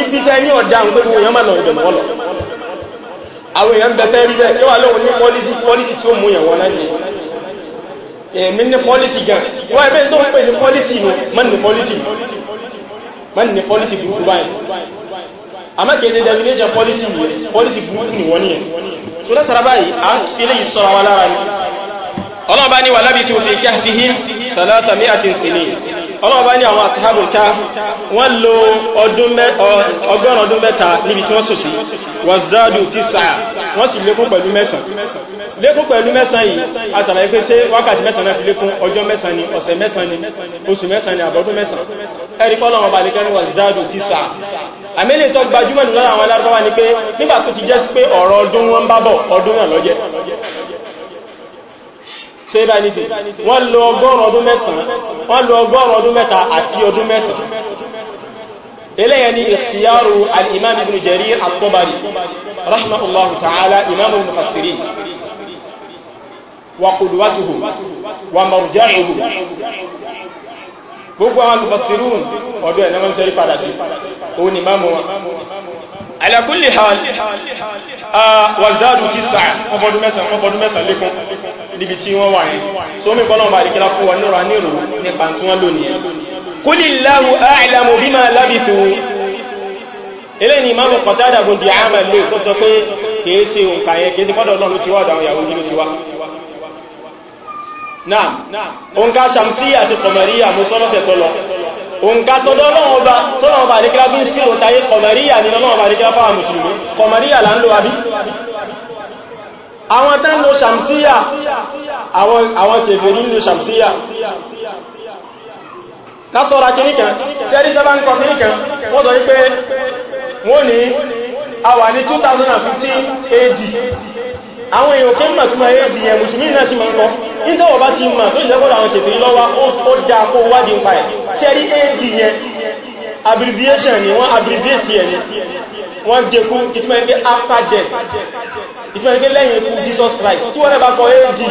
ibi tẹ́ ní ọ̀dá ń gbogbo èèyàn máa lọ ìbẹ̀mọ́ lọ àwọn èèyàn bẹ̀fẹ́ rí bẹ́ẹ̀ yóò wà lóhun ní pọ́lísì tí ó mú yẹ̀wọ́ náà èmi ní pọ́lísì gan wọ́n ẹgbẹ́ tó ń pè ní pọ́lísì nù mọ́ ní pọ́lísì mẹ́rin ni policy burúkú báyìí àmẹ́kẹ̀ẹ́dẹ̀ definition policy yìí policy burúkú ni wọ́n ní ẹ̀ so látara báyìí a ń fi léyìí sọ́ra wa lára ni ọlọ́ọ̀bá ní wà lábí tí ó fi kẹ́ ọlọ́ọ̀bá ní àwọn ashabul kahf wọ́n lo ọgọ́rùn ọdún mẹ́ta níbi tí wọ́n sò sí wasdadu tisa wọ́n sì lékún pẹ̀lú mẹ́sàn lékún pẹ̀lú mẹ́sàn yìí a sàlàyé pé ṣe wákàtí mẹ́sàn náà fi lékún ọjọ́ mẹ́sàn ni ọ̀sẹ̀ mẹ́sàn ni oṣù mẹ́sàn ni àbọ̀dún mẹ́sàn ẹ̀rí pọ́lọ́wọ́ bá lè kẹ́rin wasdadu tisa àmẹ́lẹ̀ tó gbajúmọ̀ nù lára àwọn alárúbáwá ni pé so ibá ní sí wọ́n lo ọgọ́rùn ọdún mẹ́sàn wọ́n lo ọgọ́rùn ọdún mẹ́ta àti ọdún mẹ́sàn eléyẹ ni ikhtiyaru al-imam ibn jarir at-tabari ta'ala imamul mufassirin wa qudwatuhu wa marja'uhu gbogbo àwọn mufassirun ọdún ẹ̀nà wọn padà sí òun imamu ala kulli hal wàzádù tí sáà ọbọdún mẹ́sàn lékún níbi tí wọ́n wà ní tó mẹ́ kọ́nà bá ìkílá fún wọn nírà nírò nípa tí wọ́n lò nìyẹn kulillahu a'lamu bima labithu ilé ni imamu Qatada bin Di'ama lè tó sọ pé òǹkà tọ́dọ́ lọ́wọ́ba tọ́lọ́wọ́ba àríkíra bí ń sí òǹtayé kọmàríyà ní lọ́wọ́ba àríkíra fáwà mùsùlùmí kọmàríyà là ń lò àbí àwọn tán lo ṣàmsíyà àwọn kèfèrí lo ṣàmsíyà kásọ́ra kìníkan sẹ́rí sẹ́bá ń kọ kìníkan wọ́n sọ wípé wọ́n ní àwà ní 2015 AD àwọn èèyàn kí ń mà túnmà eré ti yẹ mùsùlùmí náà sí ma ń kọ́ nítọ́wọ̀ bá ti mà tó ìjẹ́kọ́dọ̀ àwọn kèfèrí lọ́wọ́ ó dá kó wádìí ń pa ẹ̀ tẹ́rí éèdì yẹn abbreviation ni wọ́n abbreviate ẹ̀ ni wọ́n dẹkú ìtumọ̀ ẹgbẹ́ after death ìtumọ̀ ẹgbẹ́ lẹ́yìn ikú Jesus Christ tí wọ́n lẹ́bàá kọ éèdì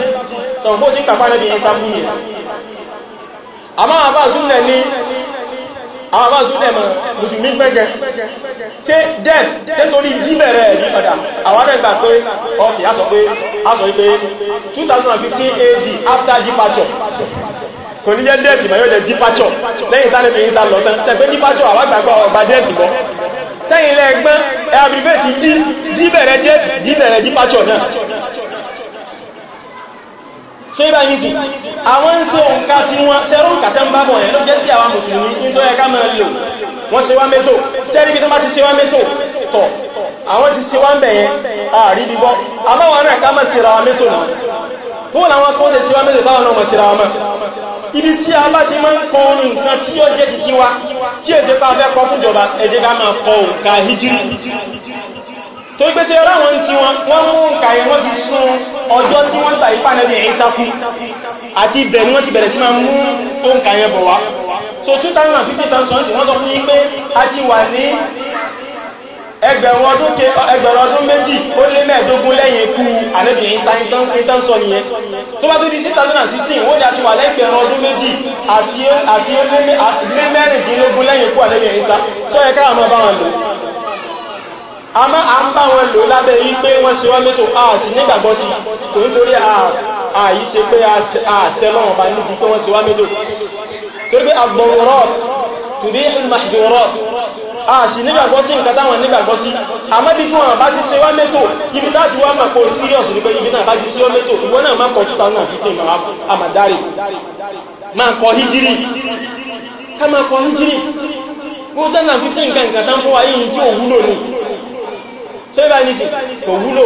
sọ̀rọ̀ àwọn bá súnlẹ̀ mọ̀ musulmi pẹ́jẹ ṣe death ṣe torí jíbẹ̀rẹ̀ ní padà àwọn ẹgbà tó ọkì a sọ pé 2015 AD after departure kò ní jẹ́ death ma yóò jẹ́ departure lẹ́yìn sáré fi ń sá lọ tán tẹ́gbẹ́ departure àwọn àgbàgbà ọgbà death bọ́ sẹ́yìn lẹ́gbẹ́ ẹ̀ ṣe bá ní sí àwọn ń ṣe òǹkà tí wọ́n sẹ́rọ òǹkà tẹ́ ń bá bọ̀ ẹ̀ ló jẹ́ sí àwọn mùsùlùmí ní tó ẹka mọ́ lò wọ́n ṣe wá mẹ́tò sẹ́rí bí tó bá ti ṣe wá mẹ́tò tọ̀ àwọn ti ṣe wá ń bẹ̀yẹn àrí bíbọ́ àbáwọn náà ká mọ́ sí ra wa mẹ́tò náà fún àwọn kan lè ṣe wá mẹ́tò táwọn náà mọ̀ sí ra wa mọ́ ibi tí a tó gbé sí ọláwọn tí wọ́n mú ǹkà ẹ̀wọ́n ti sún ọjọ́ tí wọ́n gbà ipá nẹ́bí ìsákú àti ibẹ̀ ni wọ́n ti bẹ̀rẹ̀ sí máa mú ǹkà ẹ̀ bọ̀ wá so 2050,000 wọ́n sọ fún yí pé a ti wà ní ẹgbẹ̀rún ọdún ké ẹgbẹ̀rún ọdún méjì ó lé mẹ́ẹ̀dógún lẹ́yìn ikú ànẹ́bì ìtàn sọ nìyẹn tó bá tó di 2016 wọ́n já ti wà lẹ́gbẹ̀rún ọdún méjì àti ó lé mẹ́rìndínlógún lẹ́yìn ikú ànẹ́bì ìsá sọ ẹ̀ká àmọ́ bá wọn lò a má a ń bá wọn lò lábẹ́ yí pé wọ́n ṣe wọ́n mẹ́tò ààsì nígbàgbọ́ sí kò nítorí ààyí ṣe pé ààsẹ lọ́wọ́ bá níbi pé wọ́n ṣe wọ́n mẹ́tò torí pé àgbọ̀rọ̀ tùbí ìmàjọ̀rọ̀ ààsì nígbàgbọ́ sí nǹkan táwọn nígbàgbọ́ sí àmọ́ bí kí wọ́n bá ti ṣe wọ́n mẹ́tò ibi láti wọ́n mọ̀ kó síríọ̀sì ní pé ibi náà bá ti ṣe wọ́n mẹ́tò ìwọ́n náà má kọ̀ 2015 àmàdárì máa kọ hijiri ká máa kọ hijiri 2015 nǹkan tán fún wa yìí tí òun lò ní so ibá ní sí kò wúlò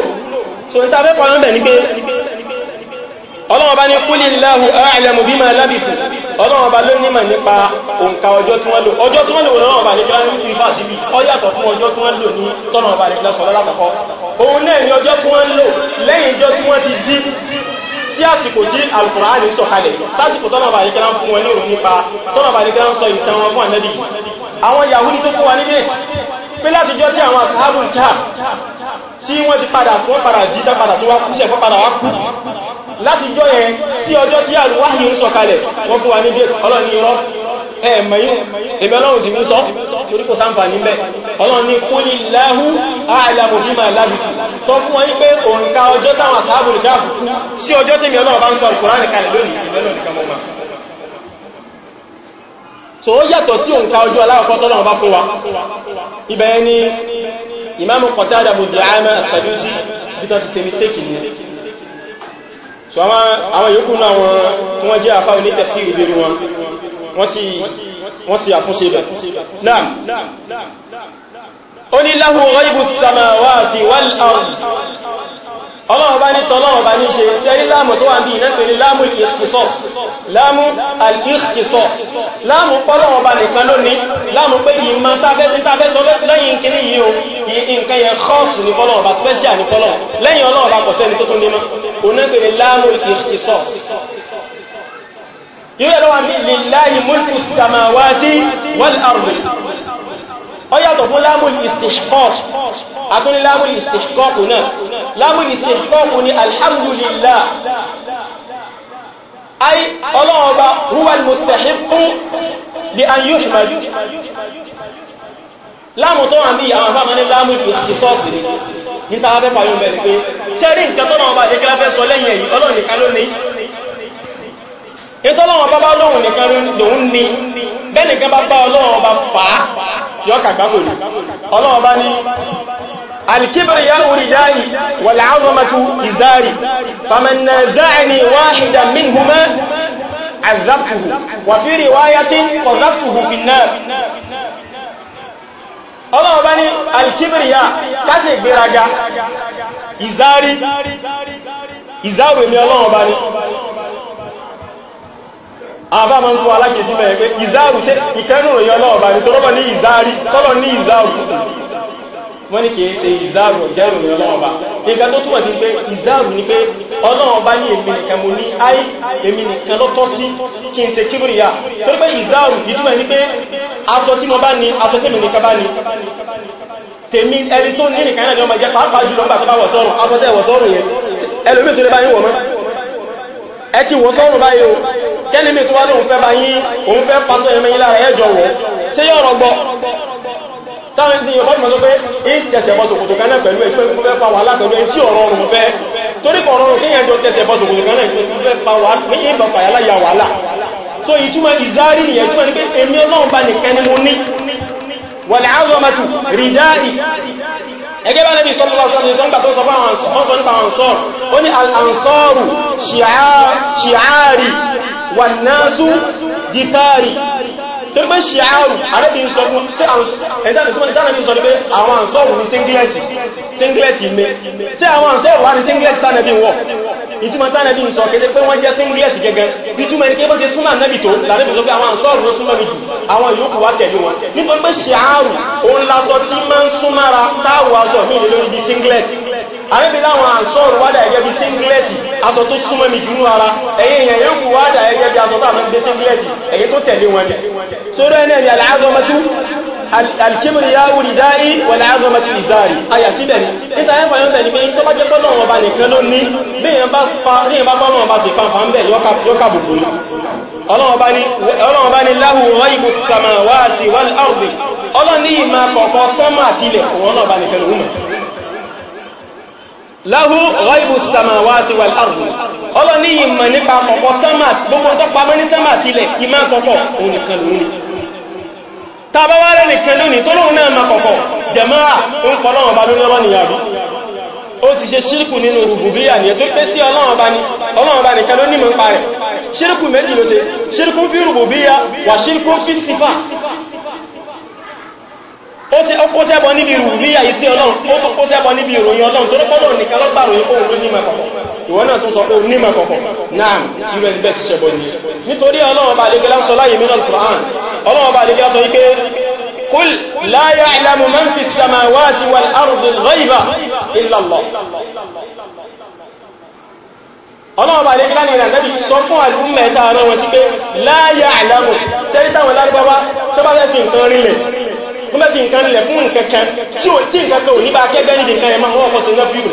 so ní tàbí pọ̀lọ́ bẹ̀ ní pé ọlọ́wọ́ bá ní kúlì láhù a'lamu bima labisu ọlọ́wọ́ bá ló nímọ̀ nípa òǹkà ọjọ́ tí wọ́n lò ọjọ́ tí wọ́n lò lọ́wọ́ bá ní kílá ní ìfà sí bí ọjàtọ̀ fún ọjọ́ tí wọ́n lò ní tọ́nà bá ní kílá sọ lọ́lápọ̀kọ́ òun náà ni ọjọ́ tí wọ́n lò lẹ́yìn ọjọ́ tí wọ́n sí àsìkò tí alkùnrin ń sọ̀kalẹ̀ sásìkò tọ́nàbà ní kẹ́lá fún wọn ní ìròyìn pa tọ́nàbà ní kẹ́lá ń sọ ìtàn wọn fún ànẹ́bì àwọn yahudi tó fún wa ní date pé láti jọ tí àwọn asahabun ká tí wọ́n ti padà fún padà jíta padà tó wá kúṣẹ̀ fún padà wá kú láti jọ yẹn sí ọjọ́ tí alwáhì ń sọ̀kalẹ̀ wọ́n fún wa ní date ọlọ́ni ẹ̀mọ̀ yóò ìbẹ̀lọ́wọ̀ sí ní sọ torí kò sáǹfà níbẹ̀ ọlọ́run ní kó ní láhú àìlàmù bí máa lábì sọ fún wọn pé òǹkà ọjọ́ táwọn àtàbù lè dáàbù sí ọjọ́ tí mi ọlọ́run bá ń sọ Kùránì kalẹ̀ lónìí ìbẹ̀lọ́ nìkan mọ́ máa so ó yàtọ̀ sí òǹkà ọjọ́ aláwọ̀kọ́ tọ́lọ́run bá fún wa ibẹ̀ ni Imam Qatada bù dìáàmà As-Sadusi bí tọ́ ti ṣe mistake ni so àwọn yòókù náà wọn tí wọ́n jẹ́ àfáwọn ní tafsir ìbẹ̀rù wọn wọ́n sì àtúnṣe bẹ̀ náà ó ní lahu ghaibu samawati wal ard ọlọ́run bá ní tọ́lọ́run bá ní ṣe tẹ́rí láàmù tó wà ní ìlẹ́pẹ̀ ní láàmù al-ikhtisas láàmù al-ikhtisas láàmù pọ́lọ́run bá nìkan lónìí láàmù pé ìmọ̀ tàbẹ́ sọ lẹ́yìn kìí yíò nǹkan yẹn khas ní pọ́lọ́run bá special ní pọ́lọ́run lẹ́yìn ọlọ́run bá kò sẹ́ni tó tún ní mọ́ irú ẹ̀lọ́wà ní lillahi mulku samawati wal ardi ó yàtọ̀ fún lámùl istishqaq àtúnlé lámùl istishqaq náà lámùl istishqaq ni alhamdulillah ay ọlọ́ọba huwal mustahiqqu li an yuhmad láàmù tó wà ní àwọn afẹ́mọ́ ní láàmù ìsọ́sì ní tàbí pàyọ̀ mẹ́rin pé ṣẹ́rí nǹkan ìtọ́lọ́wọ́ bá bá lóhun nìkan lòun ní bẹ́nìkan bá bá ọlọ́wọ́ bá fàá yọ kàgbákò ní ọlọ́wọ́ bá ní alkibir ya urijani wal azamatu izari faman naza'ani wahidan minhuma azabtuhu wa fi riwayatin qadhabtuhu fi an-nar ọlọ́wọ́ bá ní alkibir ya káṣe gbéraga izari ìzáwèmí ọlọ́wọ́ bá ní àbá ma ń fún alákèsí mẹ́rin pé ìzáàrù ṣe ìkẹ́rùn òyìn ọlọ́ọ̀bá ní tó rọ́bọ̀ ní ìzáàrí sọ́lọ̀ ní ìzáàrù wọ́n ní kìí ṣe ìzáàrù jẹ́rùn òyìn ọlọ́ọ̀bá ìgbà tó túnmọ̀ sí pé ìzáàrù ni pé ọlọ́ọ̀bá ní èmi nìkan mo ní áì èmi nìkan ló tọ́ sí kí n ṣe kíbìrìyà tó pé ìzáàrù ìtumọ̀ ní pé aṣọ tí mo bá ní aṣọ tí mi nìkan bá ní tèmi ẹni tó ní nìkan náà ni ọmọ ìjẹ́ pàápàá jùlọ nígbà tó bá wọ̀ sọ́rùn aṣọ tẹ́ wọ̀ sọ́rùn yẹn ẹlòmí tó lè bá wọ̀ mọ́ ẹ ti wọ̀ báyìí kẹ́lìmì tó wá lóun fẹ́ bá yín òun fẹ́ pàṣọ ẹ̀mẹ́ yín lára ẹjọ́ wọ́ ṣe yọ́ ọ̀rọ̀ gbọ́ táwọn ìdí ìyọ̀bọ́ ìmọ̀ sọ pé ń tẹ̀sẹ̀ bọ́ sòkòtò kan ẹgẹ́ bá nẹ́bí sọ́lọ́lọ́sọ́lọ́ wà náà sú dìtàrí tó pé ṣe àrù àrẹ́bí sọ fún ẹ̀dánàbí sọ ní pé àwọn àǹsọ́wù ní singleti mẹ́ tí àwọn àǹsọ́wù wá ní singleti tánàbí wọ́ ìtumọ̀ tánàbí sọ kéde pé wọ́n jẹ́ singleti gẹ́gẹ́ ìtumọ̀ ní kébọ́ ti súnmà náàbì tó làrẹ́bí sọ pé àwọn àǹsọ́wù ló súnmà jù àwọn yòókù wá tẹ̀lé wọn nítorí pé ṣe àrù òun lásọ tí máa ń súnmára táwọ̀ aṣọ ní ìlú lórí bí singleti àrẹ́bí láwọn àṣọ́rù wádà ẹgẹ́ bí singleti aṣọ tó súnmọ́ mi jù ara ẹ̀yẹ èèyàn yóò kú wádà ẹgẹ́ bí aṣọ tàbí gbé singleti ẹ̀yẹ tó tẹ̀lé wọn ni sóró ẹ̀nà ni aláàzọmọ́tú alkimri ya wuri da'i wà láàzọmọ́tú ìzari ayà síbẹ̀ ni níta ẹ̀fà yóò tẹ̀ ní pé tó bá jẹ́ pọ́nà ọba nìkan ló ní bí èèyàn bá pọ́nà ọba sì fanfà ń bẹ̀ yọ́kà bùkù ni ọlọ́run ìmọ̀ kọ̀ọ̀kan sọ́mà àti òun náà bá nìkan lahu ghaibu samawati wal ardi ọlọ́ ní ìmọ̀ nípa kọ̀kọ́ sánmàtí gbogbo tó pamọ́ ní sánmàtí ilẹ̀ ìmá kọ̀kọ́ oníkan lónìí tàbáwárẹ̀ nìkan lónìí tó lóun náà ma kọ̀kọ́ jẹ̀máà ń kọ́ lọ́wọ́ bá ó ti ṣe ṣírkù nínú rùbùbíyà ní ẹ̀tọ́ pé sí ọlọ́wọ́ bá ní ọlọ́wọ́ bá nìkan ló ní ń parẹ̀ ṣírkù méjì ló ṣe ṣírkù fi rùbùbíyà wà ṣírkù fi sífà ó kó sẹ́bọ̀ níbi ìrùlíyà iṣẹ́ ọlọ́run ó tó kó sẹ́bọ̀ níbi ìròyìn ọlọ́run tó lọ́pọ̀lọ́ nìkan lọ́gbàrò yí kóhùn ló ní mẹ́kọ̀kọ̀ ìwọ náà tún sọ pé ní mẹ́kọ̀kọ̀ náà us bet sẹ́bọ̀ ní nítorí ọlọ́run bá ọlọ́wọ́ bá lẹ́gbẹ́ ní ìrìnàjẹ́bì sọ fún àlúmẹ̀ ẹ̀ta ara wọn sí pé la ya'lamu tẹ́rítàwọn lárúbáwá tó bá fẹ́ fi nǹkan rílẹ̀ nígbà tí nǹkan lẹ̀ fún nǹkan kan tí ò tí nǹkan kan ò ní bá kẹ́gbẹ́ ní nǹkan ẹ̀mọ́ wọn kọ́ sí nọ́fíù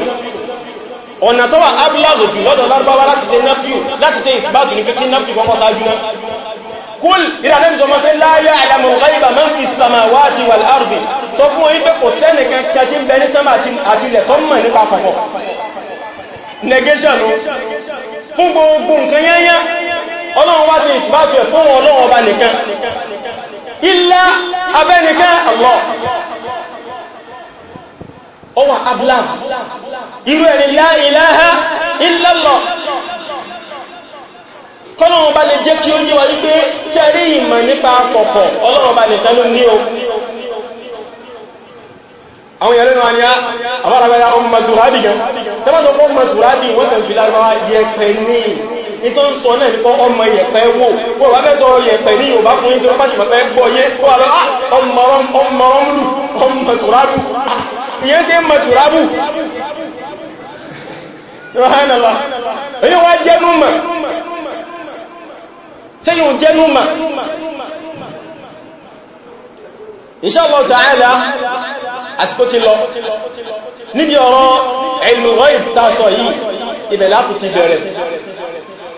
ọ̀nà tó wà abúláàzò jù lọ́dọ̀ lárúbáwá láti ṣe nọ́fíù láti ṣe ìgbàjù ní pé kí nọ́fíù kọ́kọ́ sáájú náà kúl ìrànlẹ́bì sọmọ pé láyé àlàmù ọ̀gáyìbà mọ́ fi sàmàwá àti wà láàrùbì sọ fún orí pé kò sẹ́nìkan kẹjí ń bẹ ní sẹ́mà ilá abẹ́nikẹ́ Allah ó wà ablam irú ẹni la ilaha illa Allah kọ́nà ọba lè jẹ́ kí ó yíwa wípé tí a rí ìmọ̀ nípa pọ̀pọ̀ ọlọ́run lè tẹ́lú ní o àwọn ìyẹ̀lẹ́ náà ni àwọn àrẹ́bẹ̀rẹ̀ ọmọ mẹ́sùrádì gan tẹ́bàtọ̀ ní tó ń sọ náà nípa ọmọ yẹ̀pẹ̀ wò wọ́n wá fẹ́ sọ yẹ̀pẹ̀ ní Yorùbá fún ní tí wọ́n pàṣẹ mọ̀fẹ́ gbọ́ yé ah, ọmọ ọmọrọmùlù ọmọ tùrábù ah, ìyẹn sí mọ̀ tùrábù Subhanallah èyí wá jẹ́nu mọ̀ tí yóò jẹ́nu mọ̀ Inshallah ta'ala àsìkò ti lọ níbi ọ̀rọ̀ ilmu ghaib ìtàṣọ yìí ibẹ̀ láti ti bẹ̀rẹ̀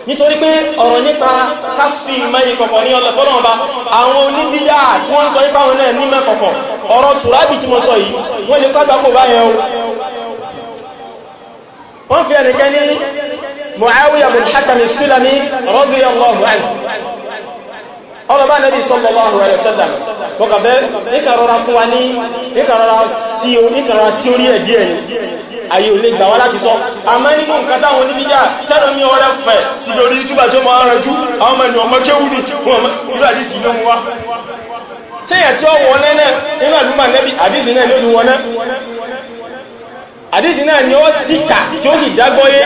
nítorí pé ọ̀rọ̀ nípa kásfì mẹ́yìn kọ̀kọ̀ ní ọlọ́fọ́lọ́ọ̀bá àwọn onídíyà tí wọ́n sọ ipá wọn náà ní mẹ́kọ̀kọ̀ ọ̀rọ̀ tùrábì tí mo sọ yìí wọ́n lè kọ́gbàkò báyẹ̀ o wọ́n fi ẹnìkẹ́ ní Muawiya bin Hakam Sulami radiyallahu anhu ayé olè gbà wá láti sọ àmá nínú nǹkan táwọn oníbíjà tẹ́lọ ní ọ̀rẹ́ fẹ̀ sí lórí túbà tí ó máa rẹjú àwọn ọmọ ènìyàn mọ́kéwú ní ìrọ̀dísì ló mú wá tí ẹ̀ tí ó wọ́n lẹ́nẹ̀ nínú àdúgbà nẹ́bí àdísì náà lójú wọ́n àdísì náà ni ó síkà tí ó sì dágbọ́yé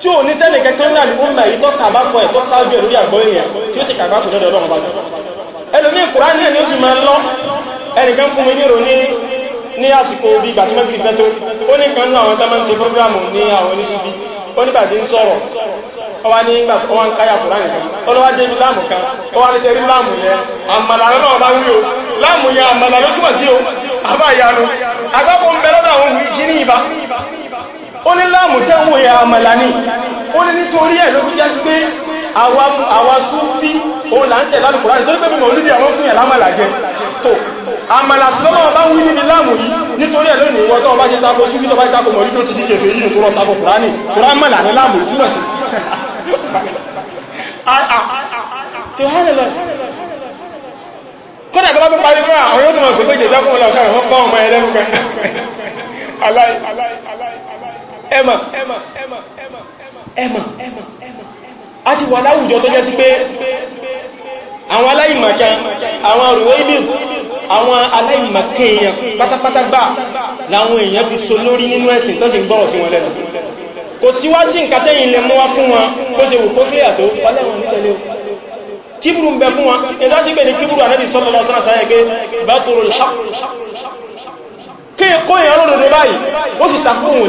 tí ò ní sẹ́nì kẹtẹ́ náà ní ọmọ èyí tó sàbápọ̀ ẹ̀ tó sáájú ẹ̀ lórí àgbọ́yé tí ó sì kàgbákò lọ́dọ̀ ọlọ́run bá sí ẹlòmí ìkùrá ní ẹni ó sì máa lọ ẹnìkan fún mi ní ìròní ní àsìkò bí ìgbà tí mẹ́fì fẹ́ tó ó ní kan náà àwọn tán máa ń ṣe prógrámù ní àwọn oníṣúbí ó nígbà tí ń sọ̀rọ̀ ọwá ní ìgbà tó wá ń káyà fúránì kan ọlọ́wá dé ibi láàmù kan ọwá ní ṣe rí láàmù yẹn àmàlà náà bá wí o láàmù yẹn àmàlà ló túmọ̀ sí o àbáyanu agbábọ̀ ń bẹ lọ́dọ̀ àwọn ohun ìkíní ìbá ó ní láàmù tẹ́wọ̀ yẹn àmàlà ní ó ní nítorí ẹ̀ ló fi jẹ́ pé àwa súnfí òun là ń tẹ̀ lálùkùránì tó ní pé mímọ̀ olídìí àwọn fún ẹ̀ lámàlà jẹ tó àmàlà sílọ́mọ̀ ọba wí níbi láàmù yìí nítorí ẹ̀ lónìí wọ́n tó bá ṣe tako sí tó bá ṣe tako mọ̀rí tó ti díkẹ̀ fèyí tó rọ tako kùránì tó rá mọ̀lá ní láàmù túnmọ̀ sí kódà tó bá tó parí fún àwọn yóò tó mọ̀ sí pé jẹjá fún ọlọ́ọ̀ká rẹ̀ wọ́n pọ́ ọmọ ẹlẹ́mùkẹ́ aláì ẹmà ẹmà ẹmà ẹmà ẹmà a ti wà láwùjọ tó jẹ́ sí pé àwọn aláìmọ̀kẹ́ àwọn rùwébì àwọn aláìmọ̀kẹ́ èèyàn pátápátá gbà láwọn èèyàn ti so lórí nínú ẹ̀sìn tó sì gbọ́rọ̀ sí wọn lẹ́nu kò síwájí ìkàtẹ́yìn lè mú wá fún wọn kó se wù kó kílẹ̀ tó pálẹ̀wọ̀n nítẹ̀lé kíbùrù ń bẹ fún wọn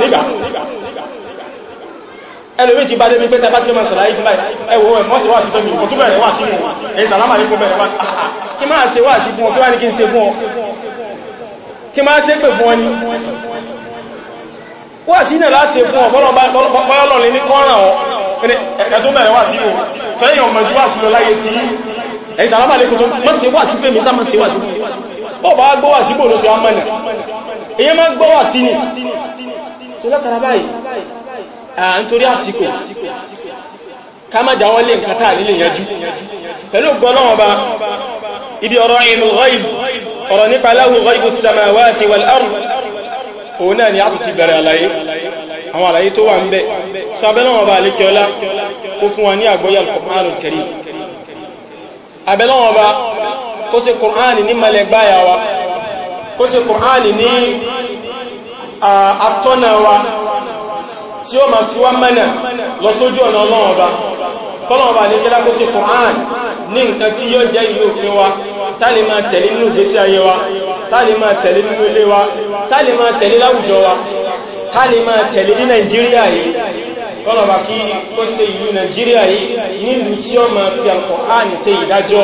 ẹ̀dá sí ẹlòmí ti bá dé mi pé tàbá tí ó máa sàlàyé fún báyìí ẹwọ ẹ̀ mọ́sí wà sí fún mi ọ̀tún bẹ̀rẹ̀ wà sí fún ẹ̀ sàlámà ní fún bẹ̀rẹ̀ wà kí máa ṣe wà sí fún ọ kí wá ní kí n ṣe fún ọ kí máa ṣe pè fún ọ ní wà sí náà láṣe fún ọ bọ́lọ̀lọ́lẹ́ ní kọ́ràn ọ ẹ̀tún bẹ̀rẹ̀ wà sí fún tẹ́yìn ọmọ ju wà sí lọ láyé tí ẹ̀ sàlámà ní fún mọ́ sí wà sí fún mi sá mọ́ sí wà sí bọ́ bá gbọ́ wà sí bò ló ṣe ọmọ nà èyí máa gbọ́ wà sí ni so látara báyìí nítorí àsìkò ká má jà wọ́n lè nǹkan táà nílé yanjú pẹ̀lú gbọ́nà ọba ibi ọ̀rọ̀ ìlú ghaib ọ̀rọ̀ nípa lahu ghaibu samawati wal ard òun náà ni a ti bẹ̀rẹ̀ àlàyé àwọn àlàyé tó wà ń bẹ sábẹ́lọ́n ọba alékiọlá ó fún tí ó ma fi wá mẹ́nà lọ sójú ọ̀nà ọlọ́run ọba kọ́lọ̀wọ́ bá ní kí lákó sí Kùránì ní nǹkan tí yóò jẹ́ ìlú òfin wa tààlì máa tẹ̀lé nínú ìgbésí ayé wa tààlì máa tẹ̀lé nínú ilé wa tààlì máa tẹ̀lé láwùjọ wa tààlì máa tẹ̀lé ní Nàìjíríà yìí kọ́lọ̀bà kí kó ṣe ìlú Nàìjíríà yìí nílùú tí ó máa fi Al-Kùránì ṣe ìdájọ́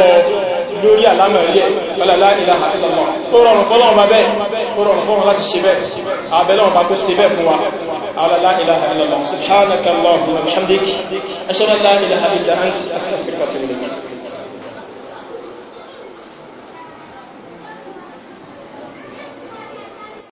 lórí àlámẹ̀ríẹ̀ pẹ̀lẹ̀lá ìlàhà ìlàmọ̀ ó rọrùn fọ́lọ́wọ́n bá bẹ́ẹ̀ ó rọrùn fọ́lọ́wọ́n láti ṣe bẹ́ẹ̀ àbẹ́lọ́wọ́n kó ṣe bẹ́ẹ̀ fún wa على لا إله إلا الله سبحانك اللهم وبحمدك أشهد أن لا إله إلا أنت أستغفرك وأتوب إليك